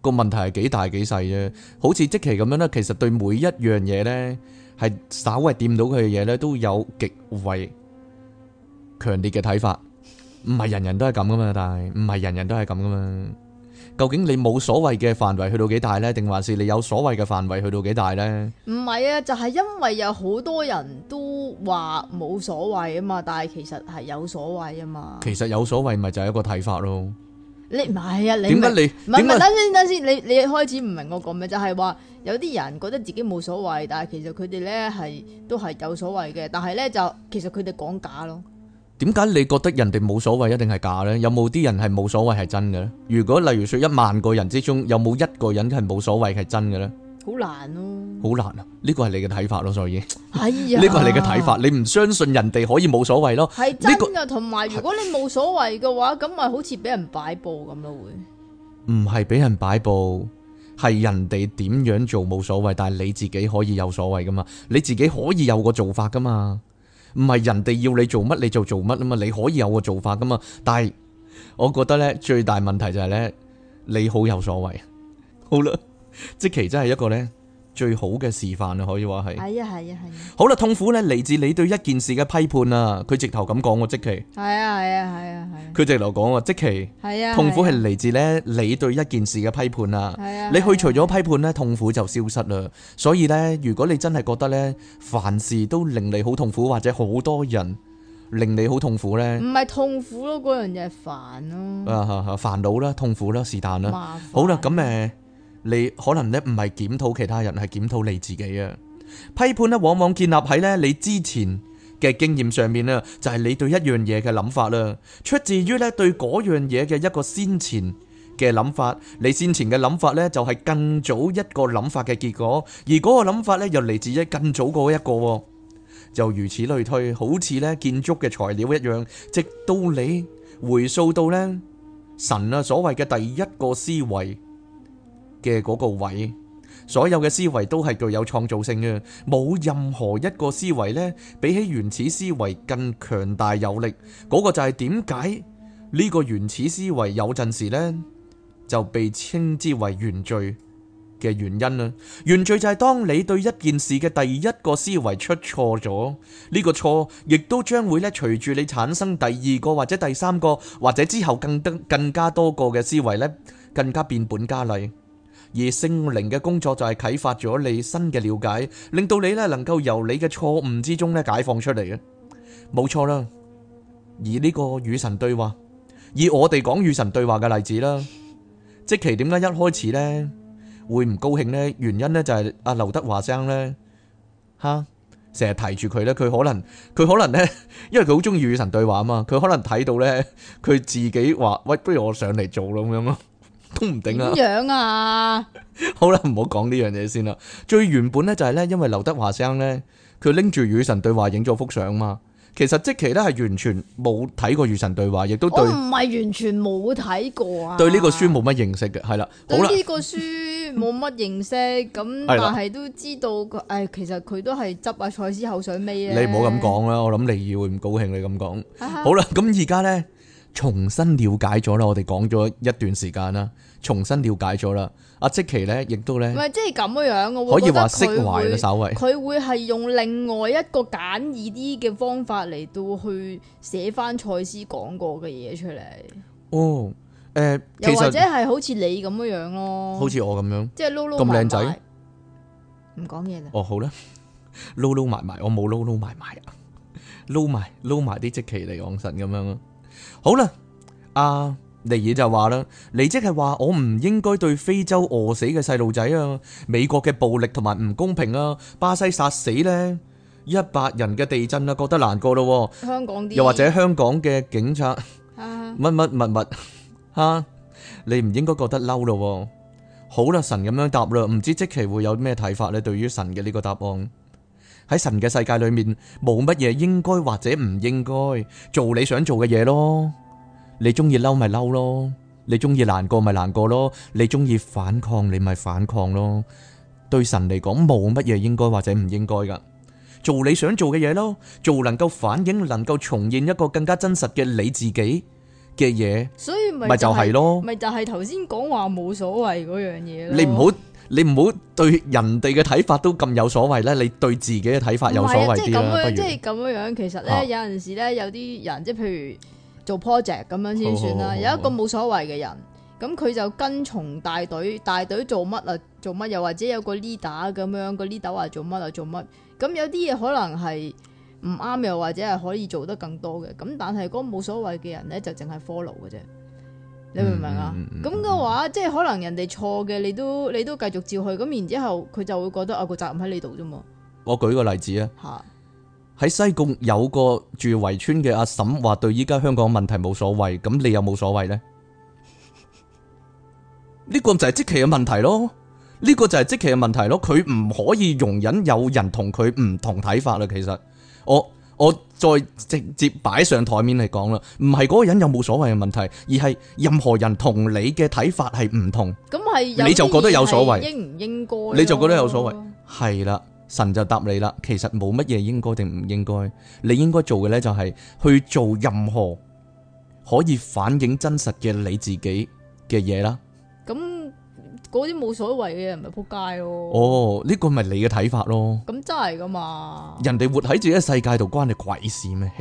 個問題係幾大幾細啫。好似即奇咁樣咧，其實對每一樣嘢咧，係稍微掂到佢嘅嘢咧，都有極為強烈嘅睇法。唔係人人都係咁噶嘛，但係唔係人人都係咁噶嘛。究竟你冇所謂嘅範圍去到幾大呢？定還是你有所謂嘅範圍去到幾大呢？唔係啊，就係因為有好多人都話冇所謂啊嘛，但係其實係有所謂啊嘛。其實有所謂咪就係一個睇法咯。你唔係啊，你點解你唔係？等先，等先，你你開始唔明我講咩？就係話有啲人覺得自己冇所謂，但係其實佢哋咧係都係有所謂嘅，但係咧就其實佢哋講假咯。點解你覺得人哋冇所謂一定係假呢？有冇啲人係冇所謂係真嘅呢？如果例如說一萬個人之中，有冇一個人係冇所謂係真嘅呢？好難咯，好難啊！呢個係你嘅睇法咯，所以係啊，呢個係你嘅睇法，你唔相信人哋可以冇所謂咯？係真嘅，同埋如果你冇所謂嘅話，咁咪好似俾人擺布咁咯，會唔係俾人擺布？係人哋點樣做冇所謂，但係你自己可以有所謂噶嘛？你自己可以有個做法噶嘛？唔係人哋要你做乜你就做乜啊嘛，你可以有個做法噶嘛，但係我覺得咧，最大問題就係咧，你好有所謂，好啦，即其真係一個咧。最好嘅示範啊，可以話係。係啊，係啊，係啊。好啦，痛苦咧嚟自你對一件事嘅批判啊，佢直頭咁講喎，即其。係啊，係啊，係啊，係佢直頭講喎，即其。係啊。痛苦係嚟自咧你對一件事嘅批判啊。係啊。你去除咗批判咧，痛苦就消失啦。所以咧，如果你真係覺得咧，凡事都令你好痛苦，或者好多人令你好痛苦咧，唔係痛苦咯，嗰樣就係煩咯。啊啊啊，煩惱啦，痛苦啦，是但啦。好啦，咁誒。你可能咧唔係檢討其他人，係檢討你自己啊！批判呢往往建立喺咧你之前嘅經驗上面啊，就係你對一樣嘢嘅諗法啦，出自於咧對嗰樣嘢嘅一個先前嘅諗法。你先前嘅諗法呢就係更早一個諗法嘅結果，而嗰個諗法呢又嚟自於更早嗰一個，就如此類推，好似呢建築嘅材料一樣，直到你回溯到呢神啊所謂嘅第一個思維嘅嗰個位，所有嘅思維都係具有創造性嘅，冇任何一個思維咧，比起原始思維更強大有力。嗰、那個就係點解呢個原始思維有陣時咧就被稱之為原罪嘅原因啊。原罪就係當你對一件事嘅第一個思維出錯咗，這個，呢個錯亦都將會咧隨住你產生第二個或者第三個或者之後更得更加多個嘅思維咧，更加變本加厲。而聖靈嘅工作就係啟發咗你新嘅了解，令到你咧能夠由你嘅錯誤之中咧解放出嚟嘅，冇錯啦。而呢個與神對話，以我哋講與神對話嘅例子啦，即其點解一開始咧會唔高興咧？原因咧就係阿劉德華生咧吓，成日提住佢咧，佢可能佢可能咧，因為佢好中意與神對話啊嘛，佢可能睇到咧，佢自己話喂，不如我上嚟做咯咁樣咯。點樣啊？ 好啦，唔好講呢樣嘢先啦。最原本咧就係咧，因為劉德華生咧，佢拎住與神對話影咗幅相嘛。其實即期咧係完全冇睇過與神對話，亦都對。我唔係完全冇睇過啊。對呢個書冇乜認識嘅，係啦，好啦。對呢個書冇乜認識，咁 但係都知道，唉、哎，其實佢都係執阿蔡司口水尾啊。你唔好咁講啦，我諗你會唔高興你咁講。哎、呀好啦，咁而家咧重新了解咗啦，我哋講咗一段時間啦。重新了解咗啦，阿即奇咧，亦都咧，唔係即係咁樣我可以話釋懷啦，稍微。佢會係用另外一個簡易啲嘅方法嚟到去寫翻賽斯講過嘅嘢出嚟。哦，誒，又或者係好似你咁樣樣咯，好似我咁樣，即係撈撈咁靚仔，唔講嘢啦。哦，好啦，撈撈埋埋，我冇撈撈埋埋啊，撈埋撈埋啲即奇嚟講實咁樣咯。好啦，阿。尼爾就話啦，你即係話我唔應該對非洲餓死嘅細路仔啊，美國嘅暴力同埋唔公平啊，巴西殺死咧一百人嘅地震啊，覺得難過咯，香港啲又或者香港嘅警察，乜乜物物吓，你唔應該覺得嬲咯。好啦，神咁樣答啦，唔知即期會有咩睇法咧？對於神嘅呢個答案，喺神嘅世界裏面冇乜嘢應該或者唔應該，做你想做嘅嘢咯。你中意嬲咪嬲咯，你中意難過咪難過咯，你中意反抗你咪反抗咯。對神嚟講冇乜嘢應該或者唔應該噶做你想做嘅嘢咯，做能夠反映、能夠重現一個更加真實嘅你自己嘅嘢，所以咪就係咯，咪就係頭先講話冇所謂嗰樣嘢啦。你唔好你唔好對人哋嘅睇法都咁有所謂咧，你對自己嘅睇法有所謂啲啦。不如即係咁樣樣，其實咧有陣時咧有啲人即係譬如。做 project 咁樣先算啦。好好好，有一個冇所謂嘅人，咁佢就跟從大隊，大隊做乜啊？做乜？又或者有個 leader 咁樣，個 leader 話做乜啊？做乜？咁有啲嘢可能係唔啱，又或者係可以做得更多嘅。咁但係嗰冇所謂嘅人呢，就淨係 follow 嘅啫。你明唔明啊？咁嘅、嗯嗯、話，即係可能人哋錯嘅，你都你都繼續照去。咁然之後，佢就會覺得啊，哦個責任喺你度啫嘛。我舉個例子啊。喺西貢有個住圍村嘅阿嬸話對依家香港問題冇所謂，咁你有冇所謂呢？呢 個就係即期嘅問題咯，呢、這個就係即期嘅問題咯。佢唔可以容忍有人同佢唔同睇法啦。其實我我再直接擺上台面嚟講啦，唔係嗰個人有冇所謂嘅問題，而係任何人同你嘅睇法係唔同，咁係你就覺得有所謂，應唔應該，你就覺得有所謂，係啦。神就答你啦，其實冇乜嘢應該定唔應該，你應該做嘅咧就係去做任何可以反映真實嘅你自己嘅嘢啦。咁嗰啲冇所謂嘅，咪撲街咯。哦，呢個咪你嘅睇法咯。咁真係噶嘛？人哋活喺自己嘅世界度，關你鬼事咩？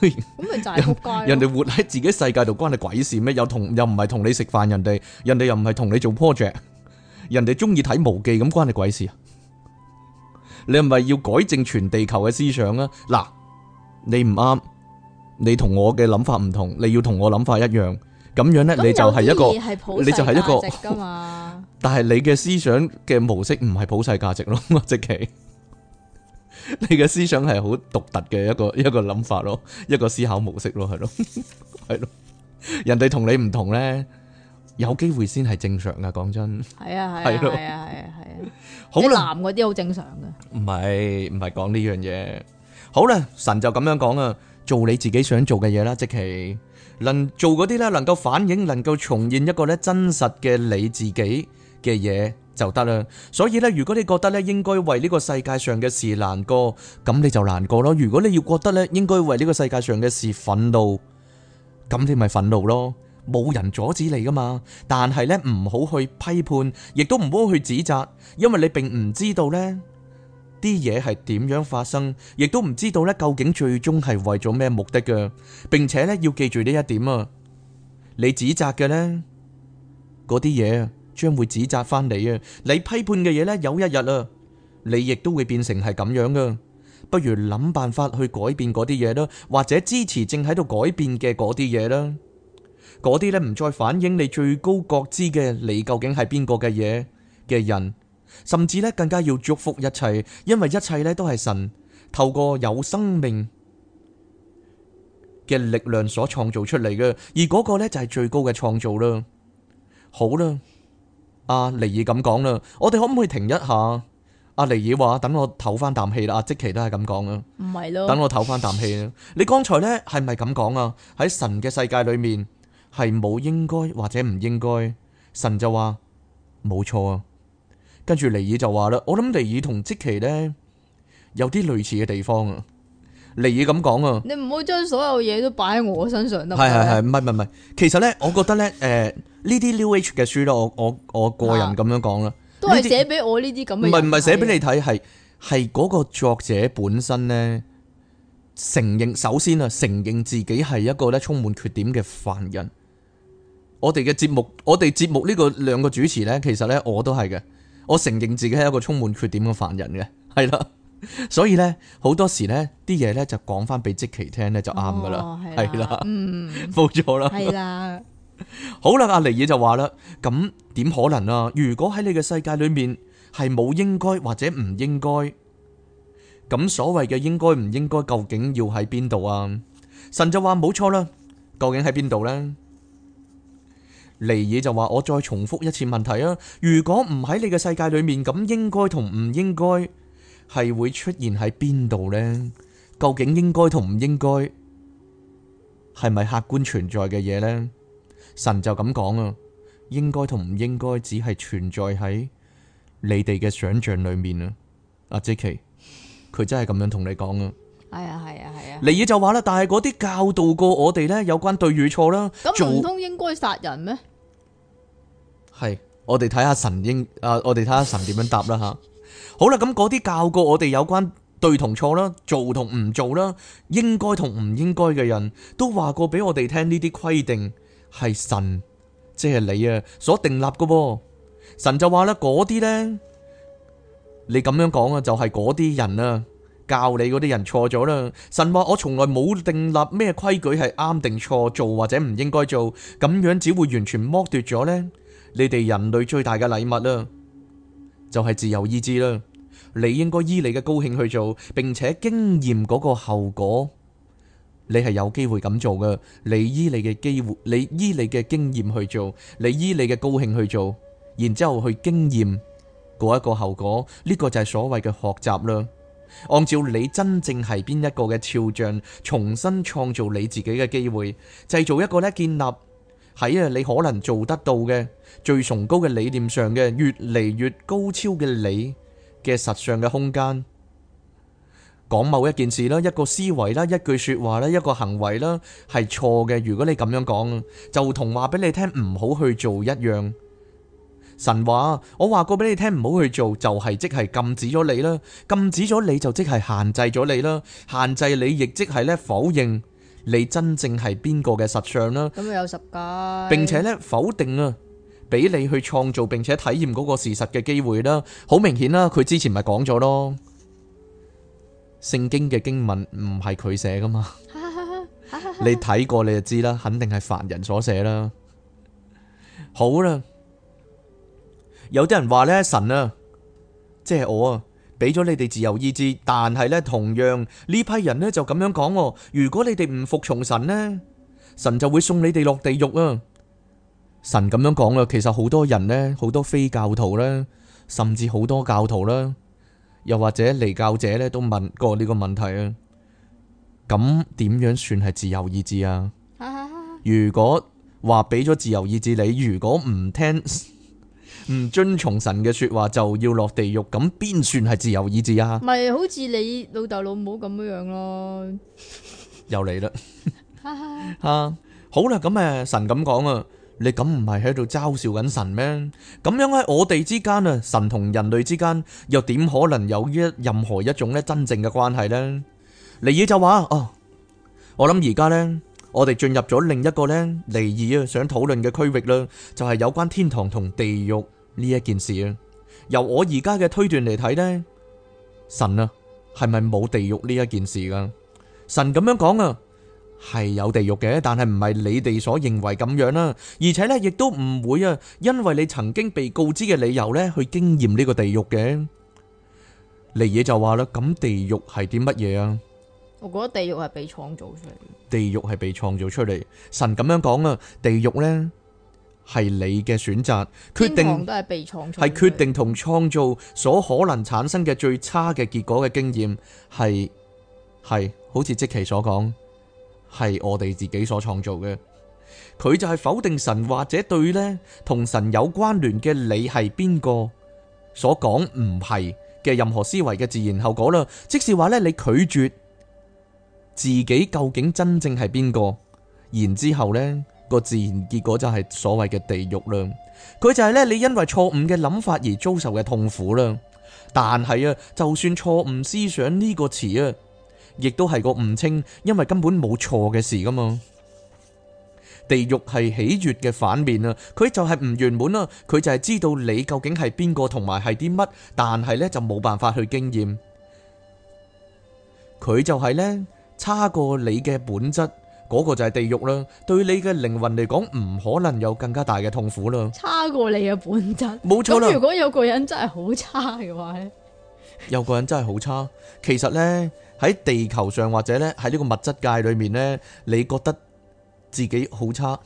咁咪就係撲街咯。人哋活喺自己世界度，關你鬼事咩？又同又唔係同你食飯，人哋人哋又唔係同你做 project，人哋中意睇無記咁，關你鬼事啊！你係咪要改正全地球嘅思想啊？嗱，你唔啱，你同我嘅諗法唔同，你要同我諗法一樣，咁樣咧你就係一個，你就係一個。但係你嘅思想嘅模式唔係普世價值咯，直其。你嘅思想係好獨特嘅一個一個諗法咯，一個思考模式咯，係咯，係咯。人哋同你唔同咧。有機會先係正常噶，講真。係啊，係啊，係啊，係啊，係啊，好難嗰啲好正常㗎。唔係唔係講呢樣嘢。好啦，神就咁樣講啊，做你自己想做嘅嘢啦，即其能做嗰啲咧，能夠反映、能夠重現一個咧真實嘅你自己嘅嘢就得啦。所以咧，如果你覺得咧應該為呢個世界上嘅事難過，咁你就難過咯。如果你要覺得咧應該為呢個世界上嘅事憤怒，咁你咪憤怒咯。冇人阻止你噶嘛，但係咧唔好去批判，亦都唔好去指責，因為你並唔知道呢啲嘢係點樣發生，亦都唔知道呢究竟最終係為咗咩目的噶，並且呢要記住呢一點啊。你指責嘅呢嗰啲嘢，將會指責翻你啊。你批判嘅嘢呢有一日啊，你亦都會變成係咁樣噶。不如諗辦法去改變嗰啲嘢啦，或者支持正喺度改變嘅嗰啲嘢啦。嗰啲咧唔再反映你最高覺知嘅你究竟係邊個嘅嘢嘅人，甚至咧更加要祝福一切，因為一切咧都係神透過有生命嘅力量所創造出嚟嘅。而嗰個咧就係最高嘅創造啦。好啦，阿、啊、尼爾咁講啦，我哋可唔可以停一下？阿、啊、尼爾話等我唞翻啖氣啦。阿即奇都係咁講啊，唔係咯，等我唞翻啖氣啊氣。你剛才咧係咪咁講啊？喺神嘅世界裏面。係冇應該或者唔應該，神就話冇錯。跟住尼爾就話啦，我諗尼爾同積奇咧有啲類似嘅地方啊。尼爾咁講啊，你唔好將所有嘢都擺喺我身上得。係係係，唔係唔係，其實咧，我覺得咧，誒呢啲 New Age 嘅書咧，我我我個人咁樣講啦、啊，都係寫俾我呢啲咁嘅。唔係唔係寫俾你睇，係係嗰個作者本身咧承認，首先啊承認自己係一個咧充滿缺點嘅凡人。我哋嘅節目，我哋節目呢個兩個主持咧，其實咧我都係嘅，我承認自己係一個充滿缺點嘅凡人嘅，係啦，所以咧好多時咧啲嘢咧就講翻俾積奇聽咧就啱噶啦，係啦，冇錯啦，係啦，好啦，阿尼爾就話啦，咁點可能啊？如果喺你嘅世界裏面係冇應該或者唔應該，咁所謂嘅應該唔應該究竟要喺邊度啊？神就話冇錯啦，究竟喺邊度咧？尼爾就話：我再重複一次問題啊！如果唔喺你嘅世界裏面咁，應該同唔應該係會出現喺邊度呢？究竟應該同唔應該係咪客觀存在嘅嘢呢？神就咁講啊！應該同唔應該只係存在喺你哋嘅想象裏面啊！阿杰奇，佢真係咁樣同你講啊！係啊，係啊，係啊！尼爾就話啦，但係嗰啲教導過我哋咧，有關對與錯啦，咁唔通應該殺人咩？係，我哋睇下神應啊，我哋睇下神點樣答啦吓。好啦，咁嗰啲教過我哋有關對同錯啦，做同唔做啦，應該同唔應該嘅人都話過俾我哋聽，呢啲規定係神，即係你啊所定立嘅。神就話啦，嗰啲呢，你咁樣講啊，就係嗰啲人啊，教你嗰啲人錯咗啦。神話我從來冇定立咩規矩係啱定錯做或者唔應該做，咁樣只會完全剝奪咗呢。你哋人類最大嘅禮物啦，就係自由意志啦。你應該依你嘅高興去做，並且經驗嗰個後果。你係有機會咁做噶，你依你嘅機會，你依你嘅經驗去做，你依你嘅高興去做，然之後去經驗嗰一個後果。呢個就係所謂嘅學習啦。按照你真正係邊一個嘅肖像，重新創造你自己嘅機會，製造一個呢，建立喺啊，你可能做得到嘅最崇高嘅理念上嘅越嚟越高超嘅你嘅實相嘅空間，講某一件事啦，一個思維啦，一句說話啦，一個行為啦，係錯嘅。如果你咁樣講，就同話俾你聽唔好去做一樣。神話我話過俾你聽唔好去做，就係即係禁止咗你啦，禁止咗你就即係限制咗你啦，限制你亦即係咧否認你真正係邊個嘅實相啦。咁有十戒，並且咧否定啊，俾你去創造並且體驗嗰個事實嘅機會啦，好明顯啦，佢之前咪講咗咯，聖經嘅經文唔係佢寫噶嘛， 你睇過你就知啦，肯定係凡人所寫啦。好啦，有啲人話呢，神啊，即係我啊，俾咗你哋自由意志，但係呢，同樣呢批人呢就咁樣講，如果你哋唔服從神呢，神就會送你哋落地獄啊。神咁樣講啦，其實好多人呢，好多非教徒啦，甚至好多教徒啦，又或者離教者咧，都問過呢個問題啊。咁點樣算係自由意志啊？ 如果話俾咗自由意志你，如果唔聽唔遵從神嘅說話，就要落地獄，咁邊算係自由意志啊？咪 又來了笑 好似你老豆老母咁樣樣咯。又嚟啦。啊，好啦，咁誒，神咁講啊。你咁唔係喺度嘲笑緊神咩？咁樣喺我哋之間啊，神同人類之間又點可能有一任何一種咧真正嘅關係呢？尼爾就話：哦，我諗而家呢，我哋進入咗另一個呢，尼爾啊想討論嘅區域啦，就係有關天堂同地獄呢一件事啊。由我而家嘅推斷嚟睇呢，神啊係咪冇地獄呢一件事噶？神咁樣講啊。係有地獄嘅，但係唔係你哋所認為咁樣啦。而且咧，亦都唔會啊，因為你曾經被告知嘅理由咧，去經驗呢個地獄嘅。嚟嘢就話啦，咁地獄係啲乜嘢啊？我覺得地獄係被創造出嚟嘅。地獄係被創造出嚟，神咁樣講啊。地獄咧係你嘅選擇決定都係被創造係決定同創造所可能產生嘅最差嘅結果嘅經驗係係好似積奇所講。係我哋自己所創造嘅，佢就係否定神或者對呢同神有關聯嘅你係邊個？所講唔係嘅任何思維嘅自然後果啦，即是話呢你拒絕自己究竟真正係邊個，然之後呢個自然結果就係所謂嘅地獄啦。佢就係呢你因為錯誤嘅諗法而遭受嘅痛苦啦。但係啊，就算錯誤思想呢個詞啊。亦都係個唔清，因為根本冇錯嘅事噶嘛。地獄係喜悅嘅反面啊，佢就係唔圓滿啦，佢就係知道你究竟係邊個同埋係啲乜，但係咧就冇辦法去經驗。佢就係咧差過你嘅本質，嗰個就係地獄啦。對你嘅靈魂嚟講，唔可能有更加大嘅痛苦啦。差過你嘅本質，冇錯啦。如果有個人真係好差嘅話咧？有個人真係好差，其實呢，喺地球上或者呢，喺呢個物質界裏面呢，你覺得自己好差，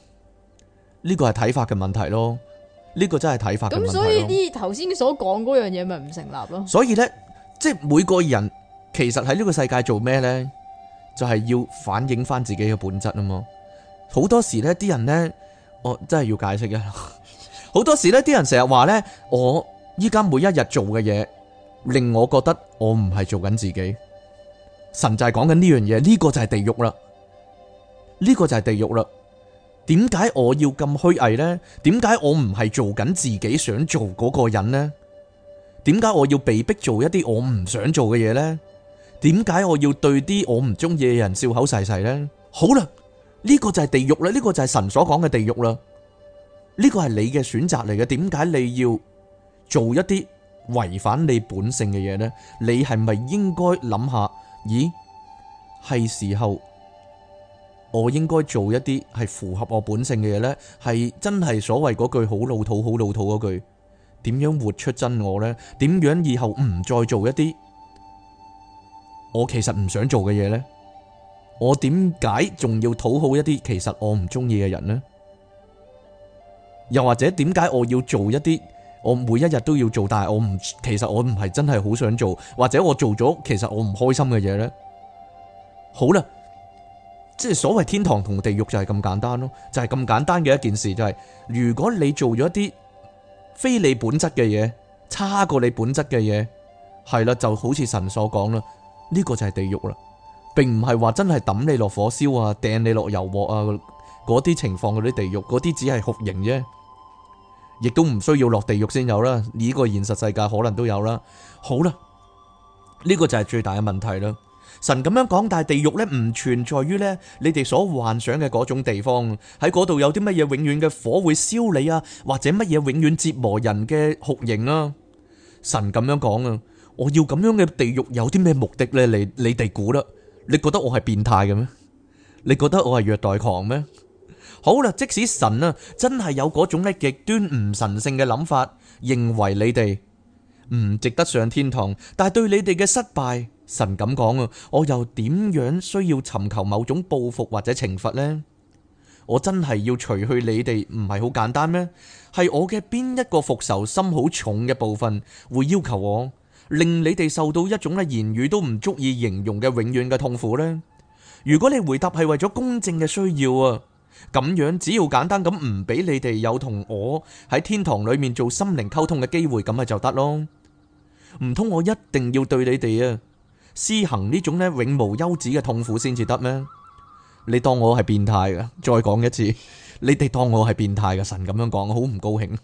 呢個係睇法嘅問題咯。呢個真係睇法。咁所以啲頭先所講嗰樣嘢咪唔成立咯？所以呢，即係每個人其實喺呢個世界做咩呢？就係要反映翻自己嘅本質啊嘛。好多時呢啲人呢，我真係要解釋啊。好 多時呢啲人成日話呢，我依家每一日做嘅嘢。令我覺得我唔係做緊自己，神就係講緊呢樣嘢，呢個就係地獄啦，呢個就係地獄啦。點解我要咁虛偽呢？點解我唔係做緊自己想做嗰個人呢？點解我要被逼做一啲我唔想做嘅嘢呢？點解我要對啲我唔中意嘅人笑口噬噬呢？好啦，呢個就係地獄啦，呢個就係神所講嘅地獄啦。呢個係你嘅選擇嚟嘅，點解你要做一啲？違反你本性嘅嘢呢，你係咪應該諗下？咦，係時候我應該做一啲係符合我本性嘅嘢呢？係真係所謂嗰句好老土好老土嗰句，點樣活出真我呢？點樣以後唔再做一啲我其實唔想做嘅嘢呢？我點解仲要討好一啲其實我唔中意嘅人呢？又或者點解我要做一啲？我每一日都要做，但係我唔，其實我唔係真係好想做，或者我做咗，其實我唔開心嘅嘢呢。好啦，即係所謂天堂同地獄就係咁簡單咯，就係、是、咁簡單嘅一件事，就是，就係如果你做咗一啲非你本質嘅嘢，差過你本質嘅嘢，係啦，就好似神所講啦，呢、這個就係地獄啦，並唔係話真係抌你落火燒啊，掟你落油鑊啊嗰啲情況嗰啲地獄，嗰啲只係酷刑啫。亦都唔需要落地獄先有啦，呢個現實世界可能都有啦。好啦，呢個就係最大嘅問題啦。神咁樣講，但係地獄呢，唔存在於呢你哋所幻想嘅嗰種地方，喺嗰度有啲乜嘢永遠嘅火會燒你啊，或者乜嘢永遠折磨人嘅酷刑啊。神咁樣講啊，我要咁樣嘅地獄有啲咩目的呢？你你哋估啦，你覺得我係變態嘅咩？你覺得我係虐待狂咩？好啦，即使神啊真係有嗰種咧極端唔神聖嘅諗法，認為你哋唔值得上天堂，但係對你哋嘅失敗，神咁講啊，我又點樣需要尋求某種報復或者懲罰呢？我真係要除去你哋，唔係好簡單咩？係我嘅邊一個復仇心好重嘅部分會要求我令你哋受到一種咧言語都唔足以形容嘅永遠嘅痛苦呢？如果你回答係為咗公正嘅需要啊？咁樣只要簡單咁唔俾你哋有同我喺天堂裏面做心靈溝通嘅機會，咁咪就得咯？唔通我一定要對你哋啊施行呢種咧永無休止嘅痛苦先至得咩？你當我係變態噶？再講一次，你哋當我係變態嘅神咁樣講，我好唔高興。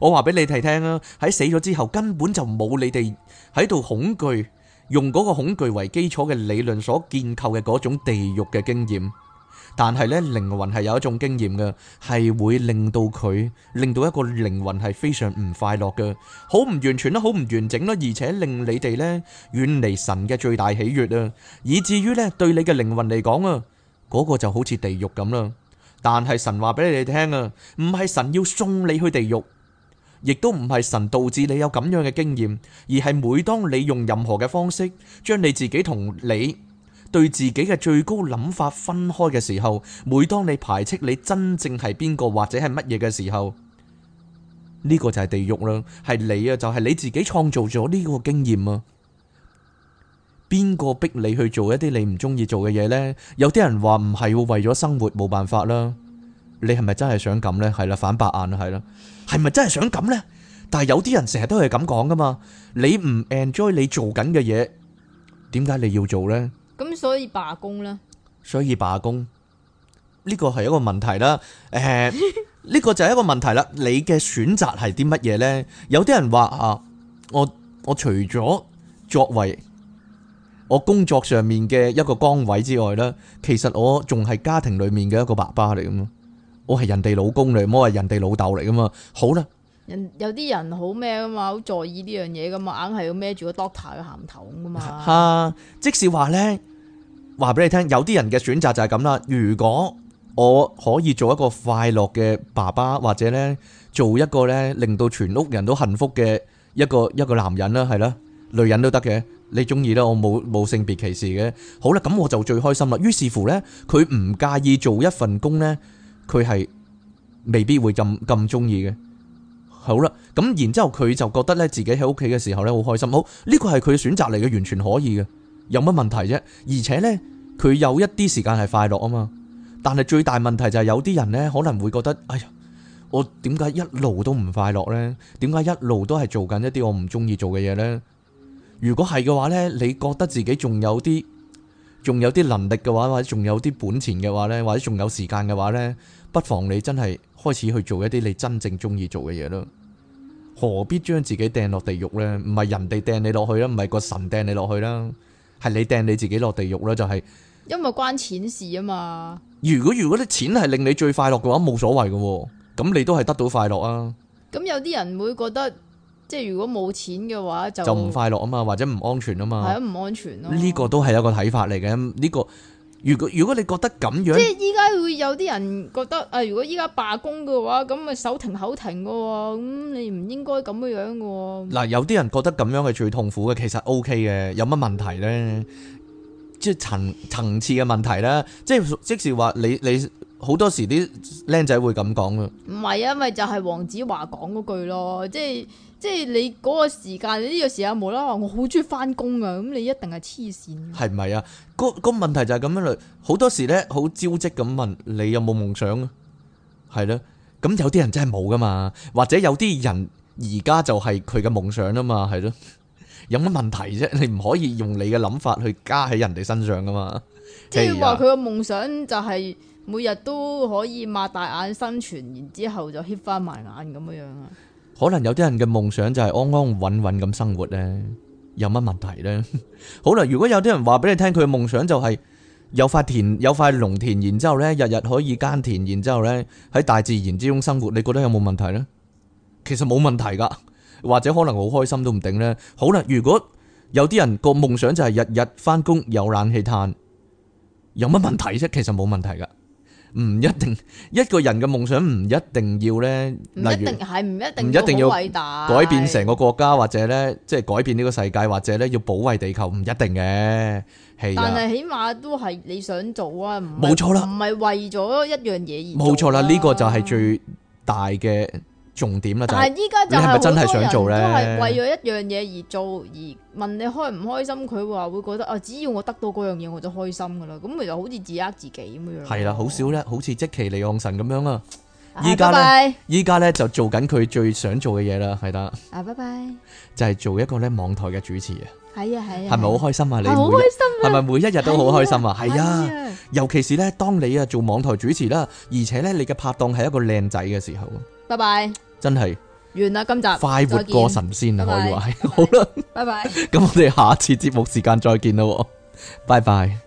我話俾你哋聽啦，喺死咗之後根本就冇你哋喺度恐懼，用嗰個恐懼為基礎嘅理論所建構嘅嗰種地獄嘅經驗。但係咧，靈魂係有一種經驗嘅，係會令到佢，令到一個靈魂係非常唔快樂嘅，好唔完全啦，好唔完整啦，而且令你哋呢遠離神嘅最大喜悅啊，以至於呢，對你嘅靈魂嚟講啊，嗰個就好似地獄咁啦。但係神話俾你哋聽啊，唔係神要送你去地獄，亦都唔係神導致你有咁樣嘅經驗，而係每當你用任何嘅方式將你自己同你對自己嘅最高諗法分開嘅時候，每當你排斥你真正係邊個或者係乜嘢嘅時候，呢個就係地獄啦。係你啊，就係你自己創造咗呢個經驗啊。邊個逼你去做一啲你唔中意做嘅嘢呢？有啲人話唔係為咗生活冇辦法啦。你係咪真係想咁呢？係啦，反白眼啦，係啦，係咪真係想咁呢？但係有啲人成日都係咁講噶嘛。你唔 enjoy 你做緊嘅嘢，點解你要做呢？咁所以罷工咧？所以罷工呢個係一個問題啦。誒，呢個就係一個問題啦。你嘅選擇係啲乜嘢咧？有啲人話啊，我我除咗作為我工作上面嘅一個崗位之外咧，其實我仲係家庭裏面嘅一個爸爸嚟噶嘛。我係人哋老公嚟，我係人哋老豆嚟噶嘛。好啦。人，有啲人好咩噶嘛，好在意呢樣嘢噶嘛，硬係要孭住個 doctor 嘅銜頭噶嘛。吓，即使話咧，話俾你聽，有啲人嘅選擇就係咁啦。如果我可以做一個快樂嘅爸爸，或者咧做一個咧令到全屋人都幸福嘅一個一個男人啦，係啦，女人都得嘅，你中意啦，我冇冇性別歧視嘅。好啦，咁我就最開心啦。於是乎咧，佢唔介意做一份工咧，佢係未必會咁咁中意嘅。好啦，咁然之後佢就覺得咧自己喺屋企嘅時候咧好開心，好，呢個係佢選擇嚟嘅，完全可以嘅，有乜問題啫？而且呢，佢有一啲時間係快樂啊嘛，但係最大問題就係有啲人呢可能會覺得，「哎呀，我點解一路都唔快樂呢？點解一路都係做緊一啲我唔中意做嘅嘢呢？」如果係嘅話呢，你覺得自己仲有啲仲有啲能力嘅話，或者仲有啲本錢嘅話呢，或者仲有時間嘅話呢，不妨你真係。開始去做一啲你真正中意做嘅嘢咯，何必將自己掟落地獄呢？唔係人哋掟你落去啦，唔係個神掟你落去啦，係你掟你自己落地獄啦。就係、是、因為關錢事啊嘛如。如果如果啲錢係令你最快樂嘅話，冇所謂嘅、哦，咁你都係得到快樂啊。咁有啲人會覺得，即係如果冇錢嘅話就就唔快樂啊嘛，或者唔安，安全啊嘛，係啊唔安全咯。呢個都係一個睇法嚟嘅，呢、這個。如果如果你覺得咁樣，即係依家會有啲人覺得啊，如果依家罷工嘅話，咁咪手停口停嘅喎，咁你唔應該咁樣嘅喎。嗱，有啲人覺得咁樣係最痛苦嘅，其實 OK 嘅，有乜問題咧？即係層層次嘅問題啦，即係即是話你你好多時啲僆仔會咁講啊。唔係啊，咪就係黃子華講嗰句咯，即係。即係你嗰個時間，你呢個時間冇啦啦，我好中意翻工噶，咁你一定係黐線。係唔係啊？個、嗰個問題就係咁樣咯。好多時咧，好招積咁問你有冇夢想？係咯，咁有啲人真係冇噶嘛，或者有啲人而家就係佢嘅夢想啊嘛，係咯。有乜問題啫？你唔可以用你嘅諗法去加喺人哋身上噶嘛。即係話佢個夢想就係每日都可以擘大眼生存，然之後就 hit 翻埋眼咁樣樣啊。可能有啲人嘅夢想就係安安穩穩咁生活咧，有乜問題咧？好啦，如果有啲人話俾你聽佢嘅夢想就係有塊田，有塊農田，然之後咧日日可以耕田，然之後咧喺大自然之中生活，你覺得有冇問題咧？其實冇問題噶，或者可能好開心都唔定咧。好啦，如果有啲人個夢想就係日日翻工有冷氣嘆，有乜問題啫？其實冇問題噶。唔一定，一個人嘅夢想唔一定要呢，嚟，唔一定係唔一定要改變成個國家或者呢，即係改變呢個世界或者呢，要保衞地球，唔一定嘅，啊、起碼都係你想做啊，冇錯啦，唔係為咗一樣嘢而做。冇錯啦，呢、呢個就係最大嘅。重點啦，就係，但係依家就係咪真係想做咧？都係為咗一樣嘢而做，而問你開唔開心，佢話會覺得啊，只要我得到嗰樣嘢，我就開心噶啦，咁其實好似自呃自己咁樣。係啦，好少咧，好似即其利昂神咁樣啊，依家咧，依家咧就做緊佢最想做嘅嘢啦，係啦。啊，拜拜。就係做一個咧網台嘅主持啊。係啊係啊，係咪好開心啊？你係好開心啊？係咪每一日都好開心啊？係啊，尤其是咧，當你啊做網台主持啦，而且咧你嘅拍檔係一個靚仔嘅時候，拜拜，真係完啦，今集快活過神仙啊，可以話係，好啦，拜拜，咁我哋下次節目時間再見咯，拜拜。